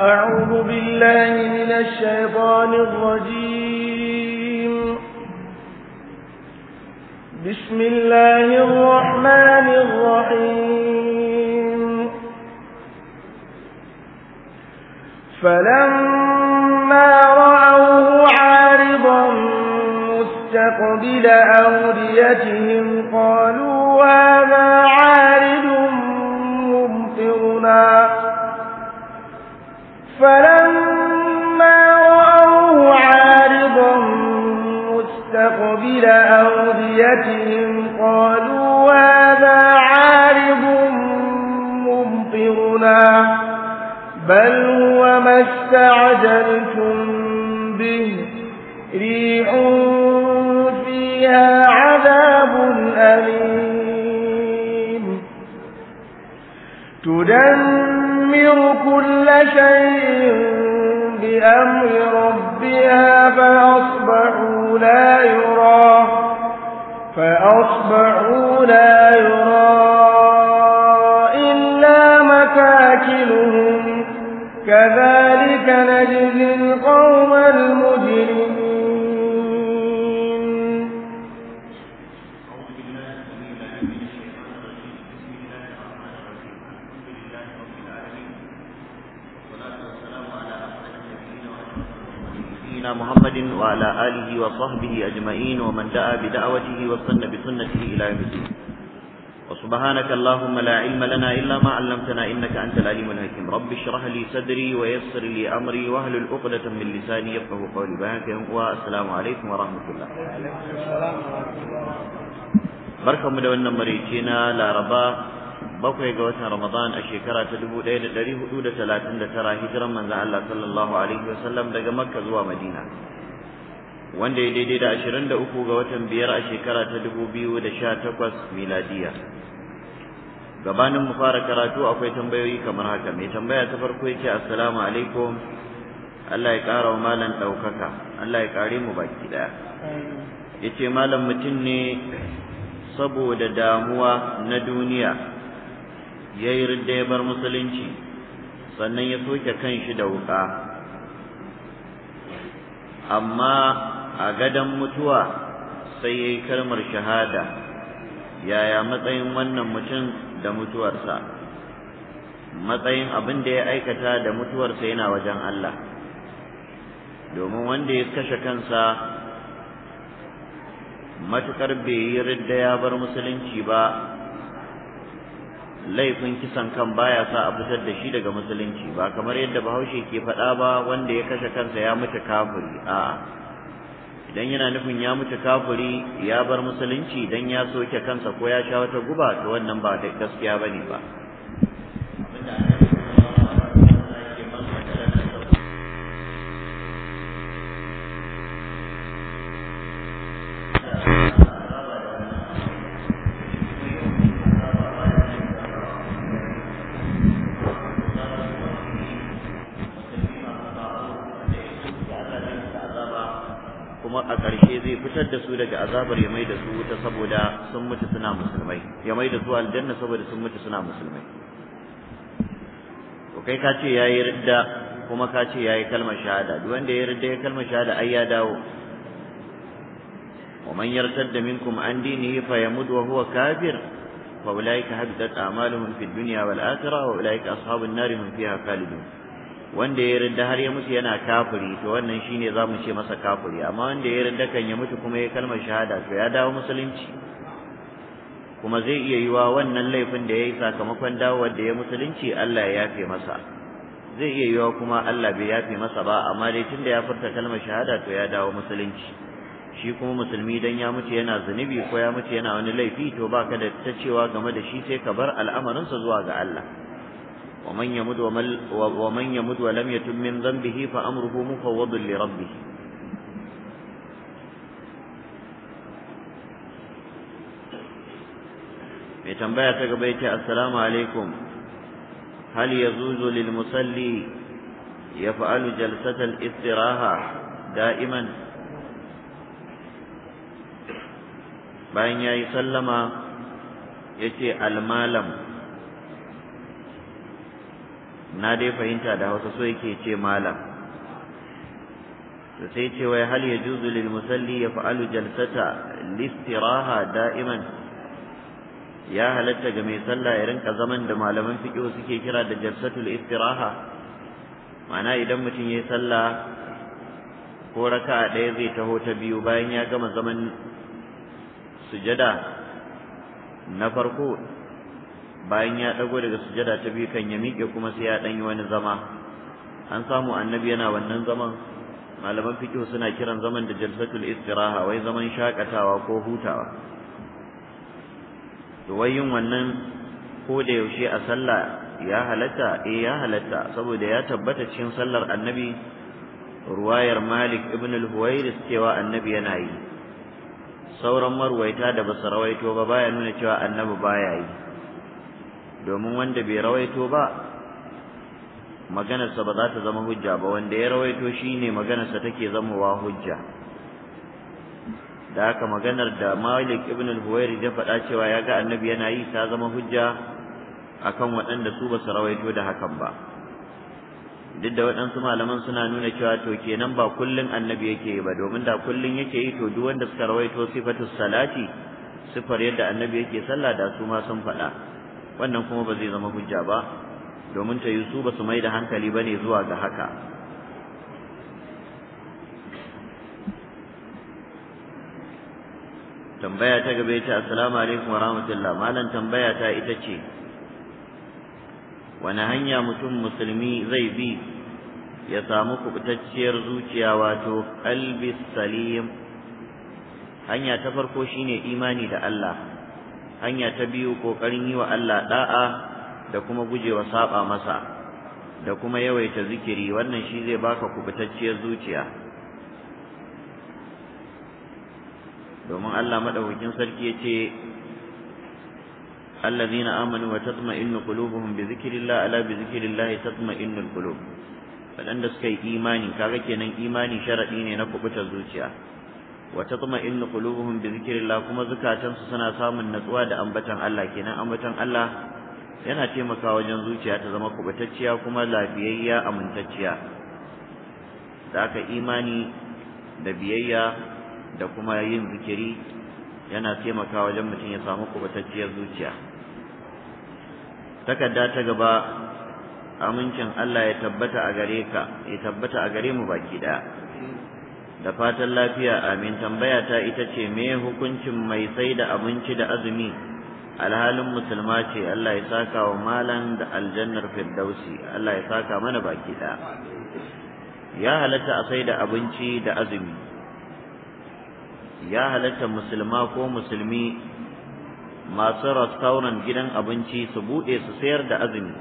أعوذ بالله من الشيطان الرجيم بسم الله الرحمن الرحيم فلما رأوه عارضا مستقبل أوديتهم قالوا هذا عارض ممطرنا فلما رأوه عارضا مستقبل أوديتهم قالوا هذا عارض ممطرنا بل هو ما استعجلتم به ريح فيها عذاب أليم تدن تدمر كل شيء بأمر ربها فأصبحوا لا يرى فأصبحوا لا يرى إلا مكاكلهم كذلك نجزي وعلى آله وصحبه أجمعين ومن دعا بدعوته وسن بسنته إلى يوم الدين وسبحانك اللهم لا علم لنا إلا ما علمتنا إنك أنت العليم الحكيم رب اشرح لي صدري ويسر لي أمري وأهل العقدة من لساني يفقه قولي بانك والسلام عليكم ورحمة الله بركة مدونة مريكينا لا ربا بوكي قوتها رمضان الشكرة تدبو دين الدريه أدودة لا تندترى هجرا من ذا الله صلى الله عليه وسلم دقمك زوا مدينة مدينة wanda ya daidai da ashirin da uku ga watan biyar a shekara ta dubu biyu da sha takwas miladiya gabanin mu fara karatu akwai tambayoyi kamar haka mai tambaya ta farko yake ce assalamu alaikum Allah ya ƙara malam ɗaukaka Allah ya ƙare mu baki ɗaya yace malam mutum ne saboda damuwa na duniya ya yi ridda ya bar musulunci sannan ya soke kan shi da wuka amma a gadon mutuwa sai ya yi kalmar shahada yaya matsayin wannan mutum da mutuwarsa matsayin abin da ya aikata da mutuwarsa yana wajen Allah domin wanda ya kashe kansa matukar bai yi ya bar musulunci ba laifin kisan kan baya sa a fitar da shi daga musulunci ba kamar yadda bahaushe ke faɗa ba wanda ya kashe kansa ya mutu kafiri a'a idan yana nufin ya mutu kafuri, ya bar musulunci idan ya soke kansa ko ya sha wata guba to wannan ba gaskiya bane ba kuma a ƙarshe zai fitar da su daga azabar ya mai da su wuta saboda sun mutu suna musulmai ya mai da su aljanna saboda sun mutu suna musulmai to kai ka ce ya yi ridda kuma ka ce ya yi kalmar shahada duk wanda ya ridda ya kalmar shahada ai ya dawo wa man yartadda minkum an dinihi fa yamud wa huwa kafir fa ulaika habitat a'maluhum fid dunya wal akhirah wa ulaika ashabun nar hum fiha khalidun wanda ya rinda har ya mutu yana kafiri to wannan shine za mu ce masa kafiri amma wanda ya rinda kan ya mutu kuma ya kalmar shahada to ya dawo musulunci kuma zai iya yiwa wannan laifin da yayi sakamakon dawowar da ya musulunci Allah ya yafe masa zai iya yiwa kuma Allah bai yafe masa ba amma dai tunda ya furta kalmar shahada to ya dawo musulunci shi kuma musulmi dan ya mutu yana zunubi ko ya mutu yana wani laifi to baka da ta cewa game da shi sai ka bar al'amarinsa zuwa ga Allah ومن يمد ومل ومن يمد ولم يتم من ذنبه فأمره مفوض لربه. يتنبأ تقبيت السلام عليكم هل يجوز للمصلي يفعل جلسة الاستراحة دائما بين يسلم يتي المالم na dai fahimta da hausa so yake ce malam to sai ce wai hal yajuzu lil musalli fa'alu jalsata listiraha da'iman ya halatta ga mai sallah ya rinka zaman da malaman fiqh suke kira da jalsatul istiraha ma'ana idan mutum yayi sallah ko raka'a ɗaya zai taho ta biyu bayan ya gama zaman sujada na farko bayan ya dago daga sujada ta biyu kan ya miƙe kuma sai ya dan wani zama an samu annabi yana wannan zaman malaman fiqh suna kiran zaman da jalsatul istiraha wai zaman shakatawa ko hutawa to wai wannan ko da yaushe a sallah ya halatta eh ya halatta saboda ya tabbata cikin sallar annabi ruwayar Malik ibn al-Huwairis cewa annabi yana yi sauran marwaita da basu rawaito ba baya nuna cewa annabi baya yi domin wanda bai rawaito ba maganarsa ba za ta zama hujja ba wanda ya rawaito shi ne maganarsa take zamowa hujja da haka maganar da Malik ibn al-Huwairi ya faɗa cewa ya ga annabi yana yi ta zama hujja akan waɗanda su ba su rawaito da hakan ba duk da waɗansu malaman suna nuna cewa to kenan ba kullun annabi yake yi ba domin da kullun yake yi to duk wanda suka rawaito sifatu salati sifar yadda annabi yake sallah da su ma sun faɗa wannan kuma ba zai zama hujja ba domin ta yi su ba su mai da hankali ba ne zuwa ga haka tambaya ta gaba ta assalamu alaikum wa rahmatullah malam tambaya ta ita ce wani hanya mutum musulmi zai bi ya samu kubutacciyar zuciya wato qalbi salim hanya ta farko shine imani da Allah hanya ta biyu kokarin yi wa Allah da'a da kuma gujewa saba masa da kuma yawaita zikiri wannan shi zai baka kubutacciyar zuciya domin Allah madaukakin sarki yace الذين آمنوا وتطمئن قلوبهم بذكر الله ألا بذكر الله تطمئن القلوب فلن تسكي إيماني كاغا كينن إيماني شرعي ne na kubutar zuciya wa tatma'innu qulubuhum bi la, kuma zukatansu suna samun natsuwa da ambatan Allah kenan ambatan Allah yana taimakawa wajen zuciya ta zama kubatacciya kuma lafiyayya amintacciya da imani da biyayya da kuma yin zikiri yana taimakawa wajen mutum ya samu kubatacciyar zuciya takarda ta gaba amincin Allah ya tabbata a gare ka ya tabbata a gare mu baki ɗaya. da fatan lafiya amin tambaya ta ita ce me hukuncin mai sai da abinci da azumi alhalin musulma ce Allah ya saka wa malan da aljannar firdausi Allah ya saka mana baki da ya halatta a sai da abinci da azumi ya halatta musulma ko musulmi masu rastauran gidan abinci su buɗe su sayar da azumi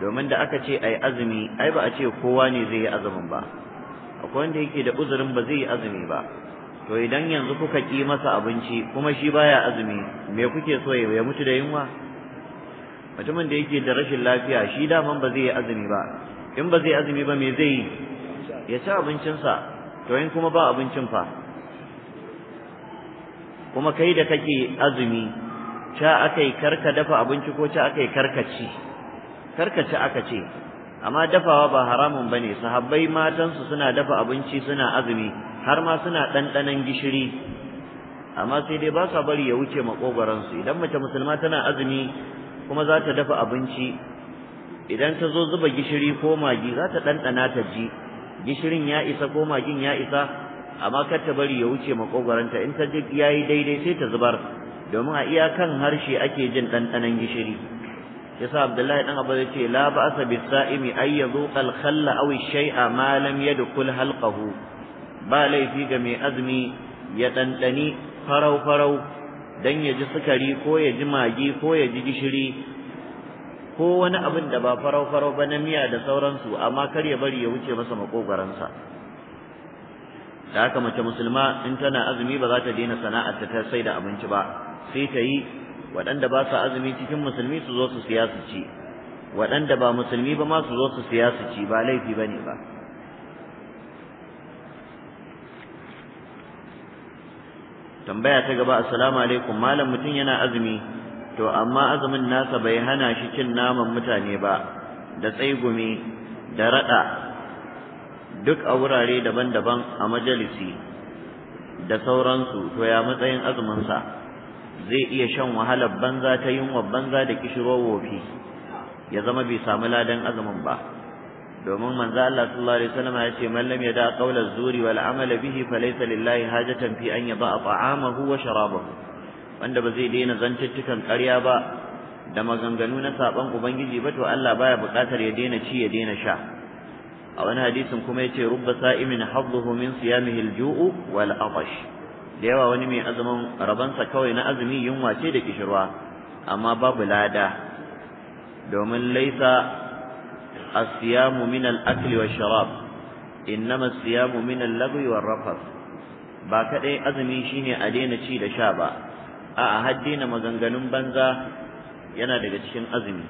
domin da aka ce ai azumi ai ba a ce kowa ne zai yi azumin ba akwai wanda yake da uzurin ba zai yi azumi ba to idan yanzu kuka ki masa abinci kuma shi baya azumi me kuke so ya mutu da yunwa mutumin da yake da rashin lafiya shi daman ba zai yi azumi ba in ba zai azumi ba me zai yi ya ci abincinsa to in kuma ba abincin fa kuma kai da kake azumi ca akai karka dafa abinci ko ca akai karkaci karkaci aka ce amma dafawa ba haramun bane sahabbai matansu suna dafa abinci suna azumi har ma suna ɗanɗanan gishiri amma sai dai ba sa bari ya wuce maƙogwaransu idan mace musulma tana azumi kuma za ta dafa abinci idan ta zo zuba gishiri ko magi za ta ɗanɗana ta ji gishirin ya isa ko magin ya isa amma kar ta bari ya wuce makogwaranta in ta ya yayi daidai sai ta zubar domin a iyakan harshe ake jin ɗanɗanon gishiri yasa abdullahi dan abu zai ce la ba'sa bis sa'imi ay yazuqa al khalla aw shay'a ma lam yadkhul halqahu ba laifi ga mai azumi ya dandani farau farau dan ya ji sukari ko ya ji magi ko ya ji gishiri ko wani abin da ba farau farau ba na miya da sauransu amma kar ya bari ya wuce masa makogwaransa da haka mace musulma in tana azumi ba za ta daina sana'ar ta sai da abinci ba sai ta yi waɗanda ba su azumi cikin musulmi su zo su siya su ci waɗanda ba musulmi ba ma su zo su siya su ci ba laifi ba ne ba tambaya ta gaba assalamu alaikum malam mutum yana azumi to amma azumin nasa bai hana shi cin naman mutane ba da tsaigumi da raɗa duk a wurare daban-daban a majalisi da sauransu to ya matsayin azuminsa zai iya shan wahalar banza ta yunwa banza da kishirwar wofi ya zama bai samu ladan azumin ba domin manzo Allah sallallahu alaihi wasallam ya ce man lam yada qawla zuri wal amal bihi falaysa lillahi hajatan fi an yaba ta'amahu wa sharabahu wanda ba zai daina zantuttukan ƙarya ba da maganganu na saban ubangiji ba to Allah baya buƙatar ya daina ci ya daina sha a wani hadisin kuma ya ce rubba sa'imin hadduhu min siyamihi al-ju'u wal atash da yawa wani mai azumin rabansa kawai na azumi yunwa ce da kishirwa amma babu lada domin laisa asiyamu min al-akli wa sharab innama asiyamu min al-lagwi wa rafas ba kadai azumi shine a daina ci da sha ba a'a har daina maganganun banza yana daga cikin azumi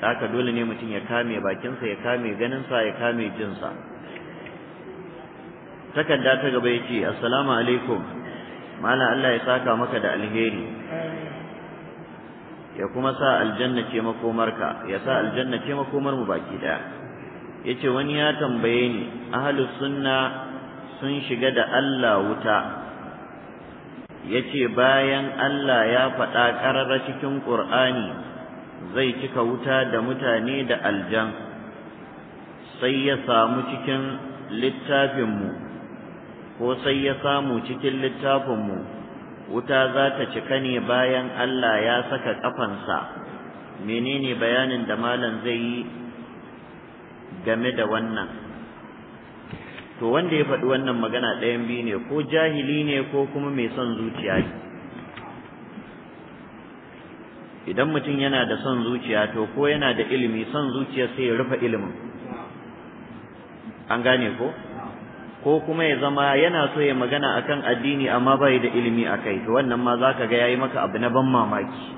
haka dole ne mutum ya kame bakinsa ya kame ganinsa ya kame jinsa takarda ta gaba yace assalamu alaikum malam Allah ya saka maka da alheri ya kuma sa aljanna ce makomarka ya sa aljanna ce makomar mu baki Ya yace wani ya tambaye ni ahlus sunna sun shiga da Allah wuta yace bayan Allah ya faɗa ƙarara cikin Qur'ani zai cika wuta da mutane da aljan sai ya samu cikin littafinmu ko sai ya samu cikin littafinmu wuta za ta cika ne bayan Allah ya saka ƙafansa menene bayanin da malam zai yi game da wannan to wanda ya faɗi wannan magana ɗayan biyu ne ko jahili ne ko kuma mai son zuciya ne idan mutum yana da son zuciya to ko yana da ilimi son zuciya sai ya rufe ilimin an gane ko ko kuma ya zama yana so ya magana akan addini amma bai da ilimi akai to wannan ma zaka ga yayi maka abu na ban mamaki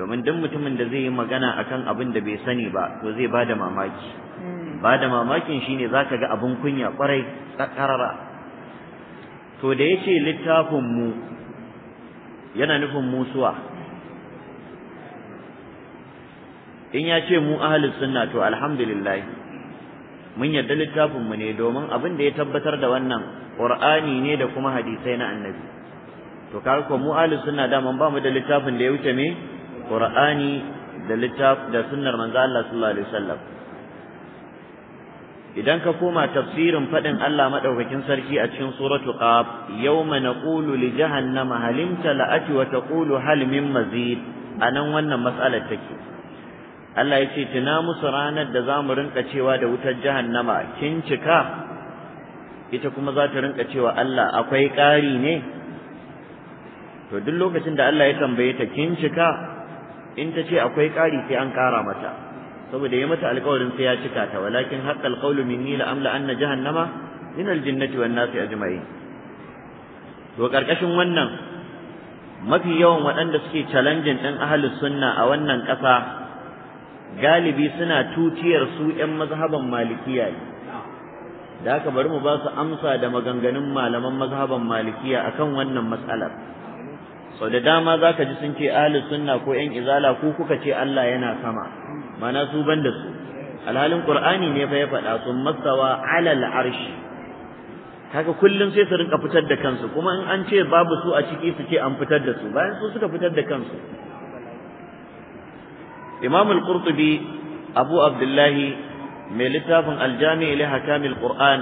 domin duk mutumin da zai yi magana akan abin da bai sani ba to zai bada mamaki hmm. bada mamakin shine zaka ga abin kunya kwarai tsakarara to da yace littafin mu yana nufin musuwa in ya ce mu ahlus sunna to alhamdulillah mun yarda littafin mu ne domin abin da ya tabbatar da wannan qur'ani ne da kuma hadisai na annabi to kaga ko mu ahlus sunna da mun ba mu da littafin da ya wuce me qur'ani da littaf da sunnar manzo Allah sallallahu alaihi wasallam idan ka koma tafsirin faɗin Allah maɗaukakin sarki a cikin suratu qaf yawma naqulu li jahannama halimta la'ati wa taqulu hal min mazid anan wannan mas'alar take Allah ya ce tuna musu ranar da za mu rinka cewa da wutar jahannama kin cika ita kuma za ta rinka cewa Allah akwai ƙari ne to duk lokacin da Allah ya tambaye ta kin cika in ta ce akwai ƙari sai an ƙara mata saboda ya mata alƙawarin sai ya cika ta walakin haqqal qawlu minni la amla anna jahannama min aljinnati wan nasi ajma'in to karkashin wannan mafi yawan waɗanda suke challenging ɗin ahlus sunna a wannan ƙasa galibi suna tutiyar su yan mazhaban malikiya ne da aka bari mu ba su amsa da maganganun malaman mazhaban malikiya akan wannan matsalar sau da dama za ka ji sun ce ahli sunna ko 'yan izala ku kuka ce Allah yana sama mana su ban da su alhalin qur'ani ne fa ya faɗa sun masawa alal arshi haka kullum sai su rinka fitar da kansu kuma in an ce babu su a ciki su ce an fitar da su bayan su suka fitar da kansu imamul al-qurtubi abu abdullahi mai littafin aljami li hakamil qur'an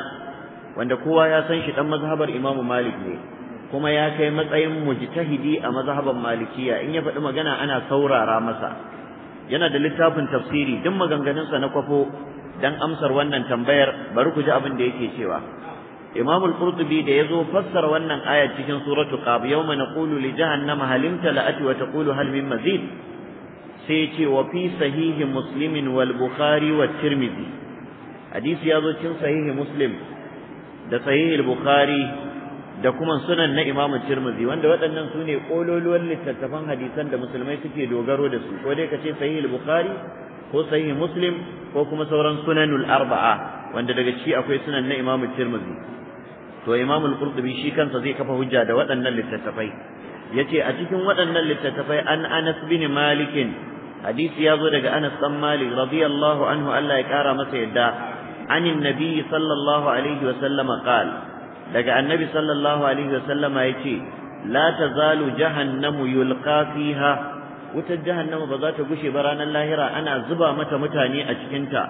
wanda kowa ya san shi mazhabar imam malik ne kuma ya kai matsayin mujtahidi a mazhaban malikiya in ya faɗi magana ana saurara masa yana da littafin tafsiri duk maganganunsa na kwafo dan amsar wannan tambayar bari ku ji abin da yake cewa imamul al-Qurtubi da yazo fassara wannan aya cikin suratu Qaf yawma naqulu li jahannama hal imtala'at wa taqulu hal min mazid sai ce wa fi sahihi muslimin wal bukhari wa tirmidhi hadisi ya zo cikin sahihi muslim da sahihi bukhari da kuma sunan na imamu tirmidhi wanda waɗannan su ne ƙololuwan littattafan hadisan da musulmai suke dogaro da su ko dai ka ce sahihi bukhari ko sahihi muslim ko kuma sauran sunanul arba'a wanda daga ciki akwai sunan na imamu tirmidhi to imamu al-qurtubi shi kansa zai kafa hujja da waɗannan littattafai yace a cikin waɗannan littattafai an Anas bin Malik hadisi ya zo daga Anas ɗan Malik radiyallahu anhu Allah ya kara masa yadda anin nabi sallallahu alaihi wa sallama qal daga annabi sallallahu alaihi wa sallama yace la tazalu jahannamu yulqa fiha wutar jahannamu ba za ta gushe ba ranar lahira ana zuba mata mutane a cikinta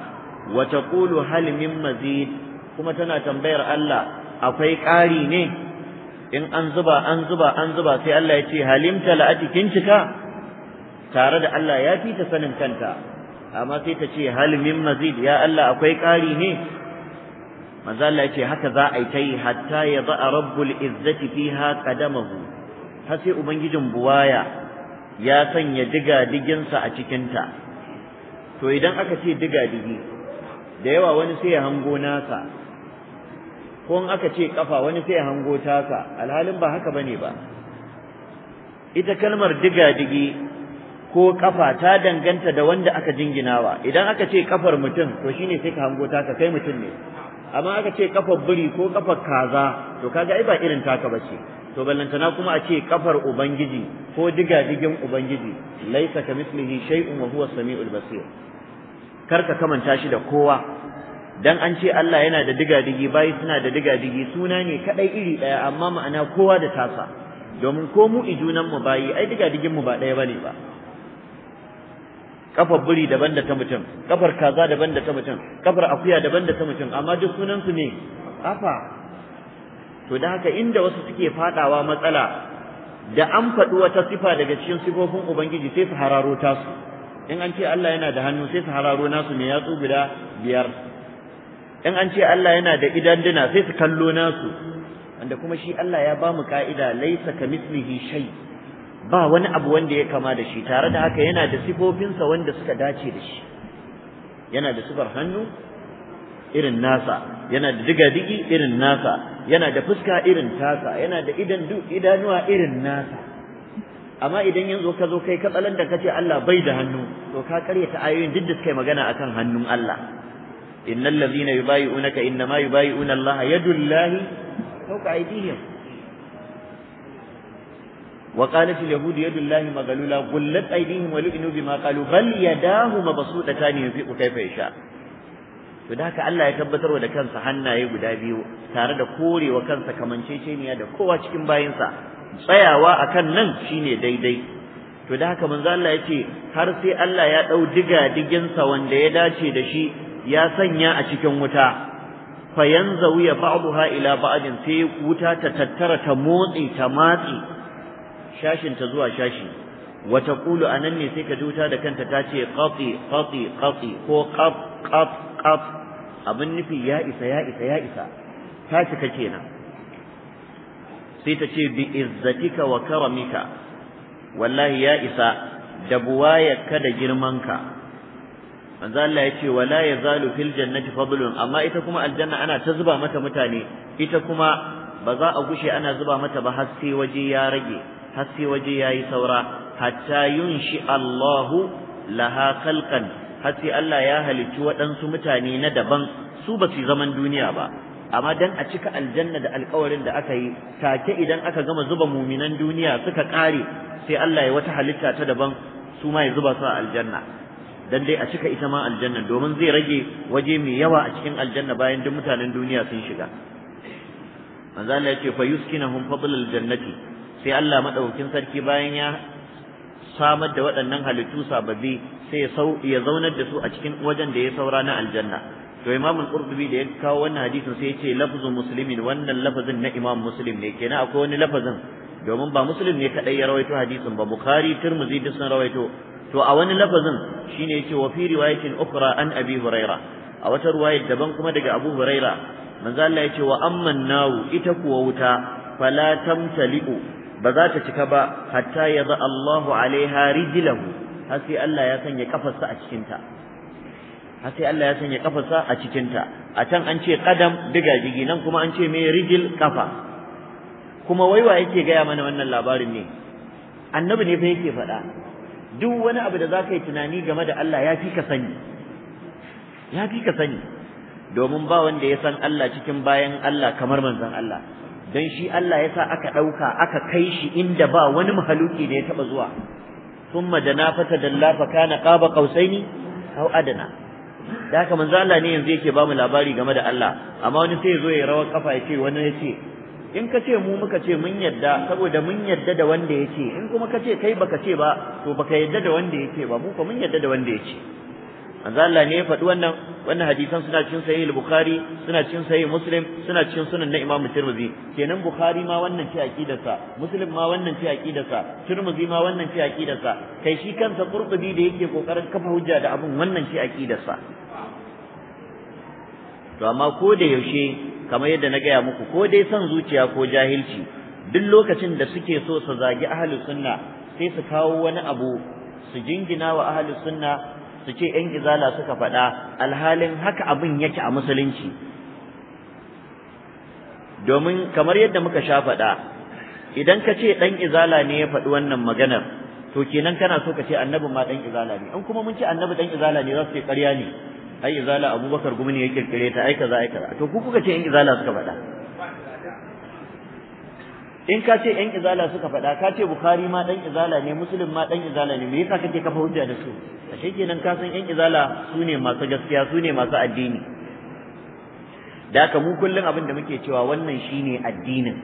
wa taqulu hal min mazid kuma tana tambayar Allah akwai ƙari ne in an zuba an zuba an zuba sai Allah ya ce halimta la'ati kin cika tare da Allah ya fi ta sanin kanta amma sai ta ce hal min mazid ya Allah akwai ƙari ne manzo Allah haka za a yi ta yi hatta ya ba rabbul izzati fiha qadamahu har sai ubangijin buwaya ya sanya diga diginsa a cikinta to idan aka ce diga digi da yawa wani sai ya hango nasa ko in aka ce kafa wani sai ya hango tasa alhalin ba haka bane ba ita kalmar diga digi ko kafa ta danganta da wanda aka jinginawa idan aka ce kafar mutum to shine sai ka hango ta ka kai mutum ne amma aka ce kafar biri ko kafar kaza to kaga ai ba irin taka bace to ballantana kuma a ce kafar ubangiji ko diga-digin ubangiji laisa ka mislihi shay'un wa huwa samiul basir kar ka kamanta shi da kowa dan an ce Allah yana da diga-digi, bayi suna da diga-digi, suna ne kadai iri daya amma ma'ana kowa da tasa domin ko mu ijunan mu bayi ai digadigin mu ba daya bane ba kafar buri daban da ta mutum kafar kaza daban da ta mutum kafar akuya daban da ta mutum amma duk sunan su ne kafa to da haka inda wasu suke fadawa matsala da an faɗi wata sifa daga cikin sifofin ubangiji sai su hararo tasu in an ce Allah yana da hannu sai su hararo nasu mai yatsu guda biyar in an ce Allah yana da idanduna sai su kallo nasu wanda kuma shi Allah ya ba mu ka'ida laisa ka mislihi shay' ba wani abu wanda ya kama da shi tare da haka yana da sifofinsa wanda suka dace da shi yana da sifar hannu irin nasa yana da digadigi irin nasa yana da fuska irin tasa yana da idan idanuwa irin nasa amma idan yanzu ka zo kai katsalan da kace Allah bai da hannu to ka ta ayoyin duk da suka magana akan hannun Allah innal ladhina yubayyi'unaka inma yubayyi'una Allah yadullahi fawqa aydihim وقالت اليهود يد الله مغلولة غلت أيديهم ولئنوا بما قالوا بل يداه مبسوطتان ينفق كيف يشاء to da haka Allah ya tabbatar da kansa hannaye guda biyu tare da kore wa kansa kamanceceniya da kowa cikin bayinsa tsayawa a kan nan shine daidai to da haka manzo Allah ce har sai Allah ya ɗau diga diginsa wanda ya dace da shi ya sanya a cikin wuta fa wuya ba'daha haila ba'adin sai wuta ta tattara ta motsi ta matsi shashin ta zuwa shashi wa taqulu anan ne sai ka ji wuta da kanta ta ce qati qati qati ko qaf qaf qaf abin nufi ya isa ya isa ya isa ta ka kenan sai ta ce bi izzatika wa karamika wallahi ya isa da buwayarka da girmanka manzo Allah ya ce wala yazalu fil jannati fadlun amma ita kuma aljanna ana ta zuba mata mutane ita kuma ba za a gushe ana zuba mata ba har sai waje ya rage har waje waje yayi saura hatta yunshi Allahu laha kalkan har Allah ya halicci waɗansu mutane na daban su ba su zaman duniya ba amma dan a cika aljanna da alkawarin da aka yi take idan aka gama zuba muminan duniya suka kare sai Allah ya wata halitta ta daban su ma ya zuba su a aljanna dan dai a cika ita ma aljanna domin zai rage waje mai yawa a cikin aljanna bayan duk mutanen duniya sun shiga manzo Allah ya ce fa yuskinahum fadlal jannati sai Allah madaukakin sarki bayan ya samar da waɗannan halittu sababbi sai ya zaunar da su a cikin wajen da ya saura na aljanna to imam al-qurtubi da ya kawo wannan hadisin sai ya ce lafzu muslimin wannan lafazin na imam muslim ne kenan akwai wani lafazin domin ba muslim ne kadai ya rawaito hadisin ba bukhari tirmidhi duk sun rawaito to a wani lafazin shine yace wa fi riwayatin ukra an abi huraira a wata riwayar daban kuma daga abu huraira manzo Allah yace wa amman nawu ita kuwa wuta fala tamtali'u ba za ta cika ba hatta ya za Allahu alaiha rijlahu har sai Allah ya sanya kafarsa a cikin ta har sai Allah ya sanya kafarsa a cikin ta a can an ce diga jigi nan kuma an ce me rijil kafa kuma wai waiwa yake gaya mana wannan labarin ne annabi ne fa yake faɗa duk wani abu da za ka yi tunani game da Allah ya fi ka sani ya fi ka sani domin ba wanda ya san Allah cikin bayan Allah kamar manzon Allah dan shi Allah ya sa aka ɗauka aka kai shi inda ba wani mahaluki da ya taɓa zuwa da na fata dalla fa kana qaba qausaini aw adana da haka manzo Allah ne yanzu yake ba mu labari game da Allah amma wani sai ya ya rawar kafa ya wani yace in ka ce mu muka ce mun yadda saboda mun yadda da wanda ya in kuma ka ce kai baka ce ba to baka yadda da wanda ya ce ba mu ko mun yadda da wanda ya ce manzo Allah ne ya faɗi wannan wannan hadisan suna cikin sahih al-bukhari suna cikin sahih muslim suna cikin sunan na Imam tirmidhi kenan bukhari ma wannan ce aqidarsa muslim ma wannan ce aqidarsa tirmidhi ma wannan ce aqidarsa kai shi kansa qurtubi da yake kokarin kafa hujja da abun wannan ce aqidarsa to amma ko da yaushe kamar yadda na gaya muku ko dai son zuciya ko jahilci duk lokacin da suke so su zagi ahlus sunna sai su kawo wani abu su jingina wa ahlus sunna su ce yan izala suka faɗa alhalin haka abin yake a musulunci domin kamar yadda muka sha faɗa idan ka ce ɗan izala ne ya faɗi wannan maganar to kenan kana so ka ce annabi ma ɗan izala ne in kuma mun ce annabi ɗan izala ne za su ce ƙarya ne ai izala abubakar gumi ne ya kirkire ta aika za aika to ku kuka ce yan izala suka faɗa in ka ce yan izala suka faɗa ka ce bukhari ma dan izala ne muslim ma dan izala ne me yasa kake kafa hujja da su a kenan ka san yan izala su ne masu gaskiya su ne masu addini da haka mu kullum abin da muke cewa wannan shine addinin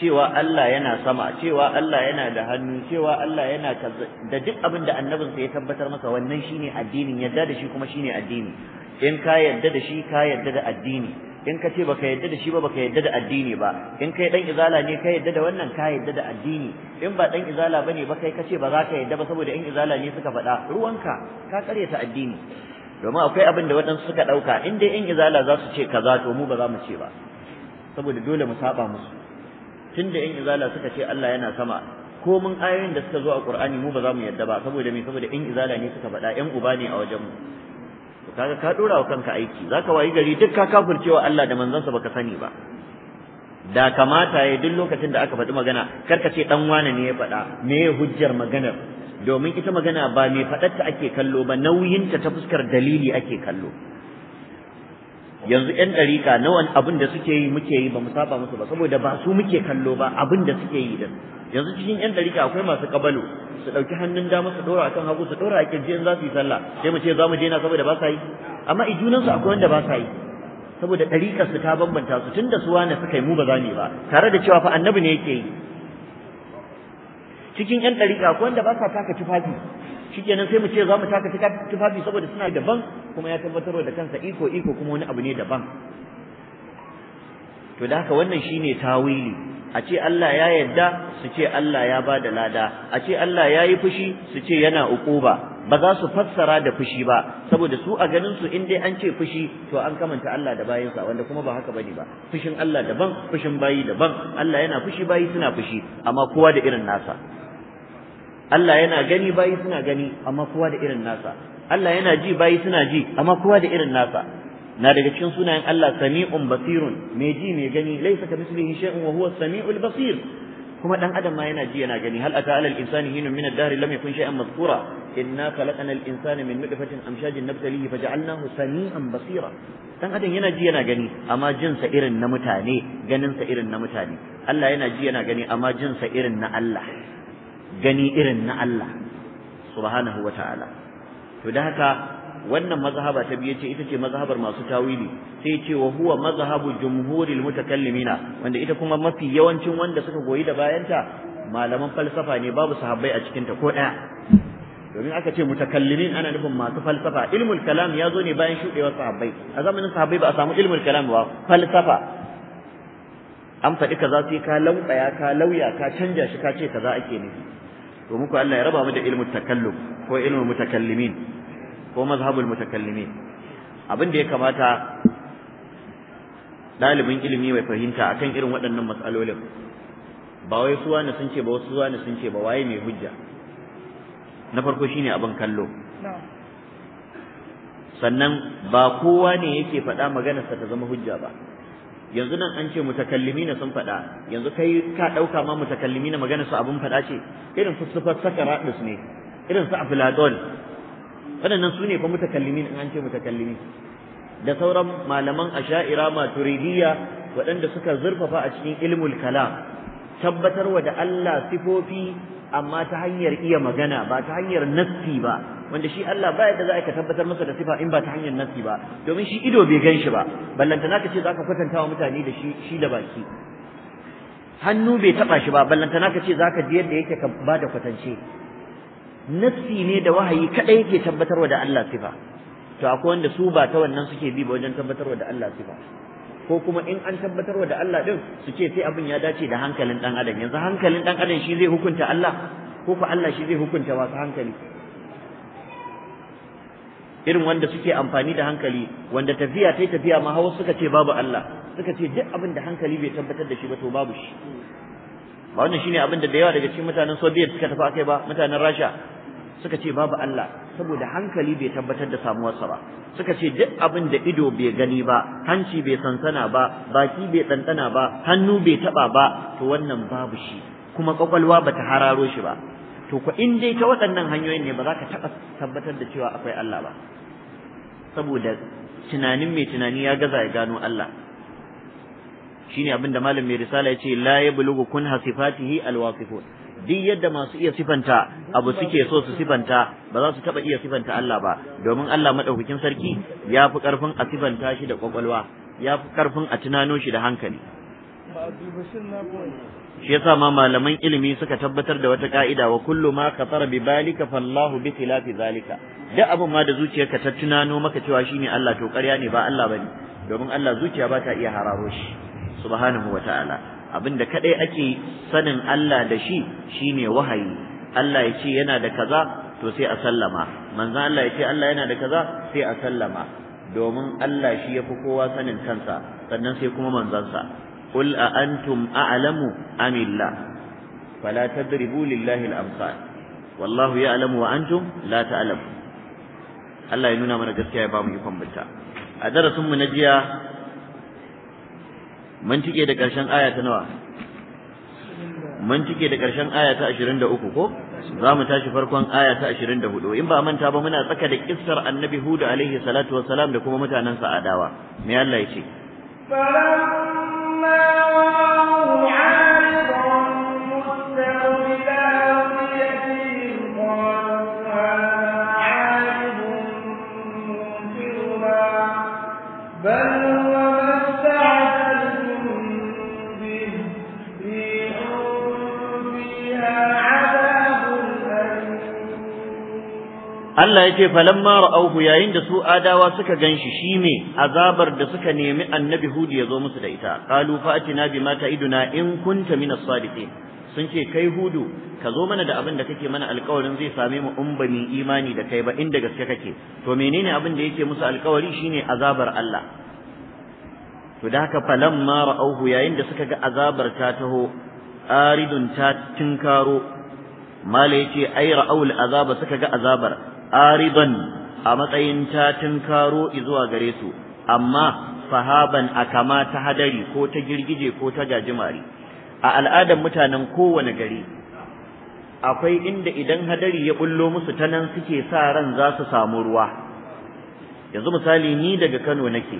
cewa Allah yana sama cewa Allah yana da hannu cewa Allah yana kaza da duk abin da annabinsa ya tabbatar masa wannan shine addinin yadda da shi kuma shi ne addini in ka yadda da shi ka yadda da addini in ka ce baka yadda da shi ba baka yadda da addini ba in kai dan izala ne ka yadda da wannan ka yadda da addini in ba dan izala bane ba kai kace ba za ka yadda ba saboda in izala ne suka faɗa ruwanka ka karyata addini domin akwai abin da waɗansu suka ɗauka in dai in izala za su ce kaza to mu ba za mu ce ba saboda dole mu saba musu tunda in izala suka ce Allah yana sama ko mun ayoyin da suka zo a Qur'ani mu ba za mu yadda ba saboda me saboda in izala ne suka faɗa 'yan uba ne a wajen mu kaga ka dora wa kanka aiki zaka wayi gari duk ka kafurcewa Allah da manzansa baka sani ba da kamata ya duk lokacin da aka faɗi magana karka ce dan wane ne ya faɗa me ya hujjar maganar domin ita magana ba mai faɗarta ake kallo ba nauyinta ta fuskar dalili ake kallo yanzu yan ɗarika nawa abin da suke yi muke yi ba mu saba musu ba saboda ba su muke kallo ba abin da suke yi din yanzu cikin ɗan ɗarika akwai masu kabalo su ɗauki hannun dama su ɗora akan hagu su ɗora a kirji in za su yi sallah sai mu ce za mu daina saboda ba sa yi amma ijunansu akwai wanda ba sa yi saboda ɗariƙar su ta bambanta su tunda su wane suka yi mu ba za yi ba tare da cewa fa annabi ne yake yi cikin yan ɗarika akwai wanda ba sa taka tufafi shikenan sai mu ce za mu taka tufafi saboda suna daban kuma ya tabbatar da kansa iko iko kuma wani abu ne daban to da haka wannan shine tawili a ce Allah ya yadda su ce Allah ya ba da lada a ce Allah ya yi fushi su ce yana uku ba za su fassara da fushi ba saboda su a ganin su in dai an ce fushi to an kamanta Allah da bayinsa wanda kuma ba haka bane ba fushin Allah daban fushin bayi daban Allah yana fushi bayi suna fushi amma kowa da irin nasa Allah yana gani bayi suna gani amma kowa da irin nasa Allah yana ji bayi suna ji amma kowa da irin nasa na daga cikin sunayen Allah sami'un basirun mai ji mai gani laysa ka mislihi shay'un wa huwa samiul basir kuma dan adam ma yana ji yana gani hal ata alal insani hinun min ad-dahr lam yakun shay'an madhkura inna khalaqna al-insana min nutfatin amshajin nabtalihi faj'alnahu sami'an basira dan adam yana ji yana gani amma jin sa irin na mutane ganin sa irin na mutane Allah yana ji yana gani amma jin sa irin na Allah gani irin na Allah subhanahu wa ta'ala to da haka wannan mazhaba ta biye ce ita ce mazhabar masu tawili sai ce wa huwa mazhabu jumhuril mutakallimina wanda ita kuma mafi yawancin wanda suka goyi da bayanta malaman falsafa ne babu sahabbai a cikin ta ko daya domin aka ce mutakallimin ana nufin masu falsafa ilmul kalam ya zo ne bayan shudewar sahabbai a zamanin sahabbai ba a samu ilmul kalam ba falsafa an faɗi kaza sai ka lankwaya ka lauya ka canja shi ka ce kaza ake nufi to muku Allah ya raba mu da ilmu takallum ko ilmu mutakallimin ko mazhabul mutakallimin abin da ya kamata ɗalibin ilimi mai fahimta akan irin waɗannan matsalolin ba wai suwa ne sun ce ba wasu suwa ne sun ce ba waye mai hujja na farko shine abin kallo sannan ba kowa ne yake faɗa maganarsa ta zama hujja ba yanzu nan an ce mutakallimina sun faɗa yanzu kai ka ɗauka ma mutakallimina magana su abun faɗa ce irin su sufar sakara ɗus ne irin su afladon waɗannan su ne fa mutakallimin in an ce mutakallimi da sauran malaman asha'ira maturidiyya waɗanda suka zurfafa a cikin ilmul kalam tabbatarwa da Allah sifofi amma ta hanyar iya magana ba ta hanyar nassi ba wanda shi Allah baya yadda za ka tabbatar masa da sifa in ba ta hanyar nasi ba domin shi ido bai gan shi ba ballantana ka ce za ka kwatanta wa mutane da shi shi da baki hannu bai taba shi ba ballantana ka ce za ka ji yadda yake ka ba da kwatance nasi ne da wahayi kadai yake tabbatarwa da Allah sifa to akwai wanda su ba ta wannan suke bi ba wajen tabbatarwa da Allah sifa ko kuma in an tabbatarwa da Allah din su ce sai abin ya dace da hankalin dan adam yanzu hankalin dan adam shi zai hukunta Allah ko fa Allah shi zai hukunta wasu hankali irin wanda suke amfani da hankali wanda tafiya tai tafiya ma hawa suka ce babu Allah suka ce duk abin da hankali bai tabbatar da shi ba to babu shi ba wannan shine abin da da yawa daga cikin mutanen Soviet suka tafi akai ba mutanen Russia suka ce babu Allah saboda hankali bai tabbatar da samuwarsa ba suka ce duk abin da ido bai gani ba hanci bai sansana ba baki bai tsantsana ba hannu bai taba ba to wannan babu shi kuma kwakwalwa bata hararo shi ba to ko in dai ta waɗannan hanyoyin ne ba za ka taɓa tabbatar da cewa akwai Allah ba saboda tunanin mai tunani ya gaza ya gano Allah shine abin da malam mai risala ya ce la yablugu kun hasifatihi alwasifun duk yadda masu iya sifanta abu suke so su sifanta ba za su taɓa iya sifanta Allah ba domin Allah madaukakin sarki ya fi ƙarfin a sifanta shi da kwakwalwa ya fi ƙarfin a tunano shi da hankali shi yasa ma malaman ilimi suka tabbatar da wata ka'ida wa kullu ma kafara bi balika fallahu bi khilafi zalika duk abin ma da zuciyarka ta tunano maka cewa shine Allah to ƙarya ne ba Allah bane domin Allah zuciya ba ta iya hararo shi subhanahu wata'ala abinda kadai ake sanin Allah da shi shine wahayi Allah ya ce yana da kaza to sai a sallama manzon Allah ya ce Allah yana da kaza sai a sallama domin Allah shi yafi kowa sanin kansa sannan sai kuma manzansa قل أأنتم أعلم أم الله فلا تضربوا لله الأمثال والله يعلم وأنتم لا تعلمون Allah ya nuna mana gaskiya ya ba mu ikon bata a darasin mu na jiya mun tike da ƙarshen aya ta nawa mun tike da ƙarshen aya ta 23 ko za mu tashi farkon aya ta 24 in ba manta ba muna tsaka da kissar annabi Hud alaihi salatu wassalam da kuma mutanen sa adawa me Allah ya ce عارضا مستقيما Allah ya ce falamma ra'auhu yayin da su adawa suka ganshi shi me azabar da suka nemi annabi hudu ya zo musu da ita qalu fa'atina bima ta'iduna in kunta min as-sadiqin sun ce kai Hudu ka zo mana da abin da kake mana alƙawarin zai same mu in ba imani da kai ba inda gaske kake to menene abin da yake musu alƙawari shine azabar Allah to da haka falamma ra'auhu yayin da suka ga azabar ta taho aridun ta tinkaro mala yace ai ra'aul azaba suka ga azabar ariban a matsayin ta karo zuwa gare su amma fahaban a kama ta hadari ko ta girgije ko ta gajimare a al'adar mutanen kowane gari akwai inda idan hadari ya bullo musu ta nan suke sa ran za su samu ruwa yanzu misali ni daga Kano nake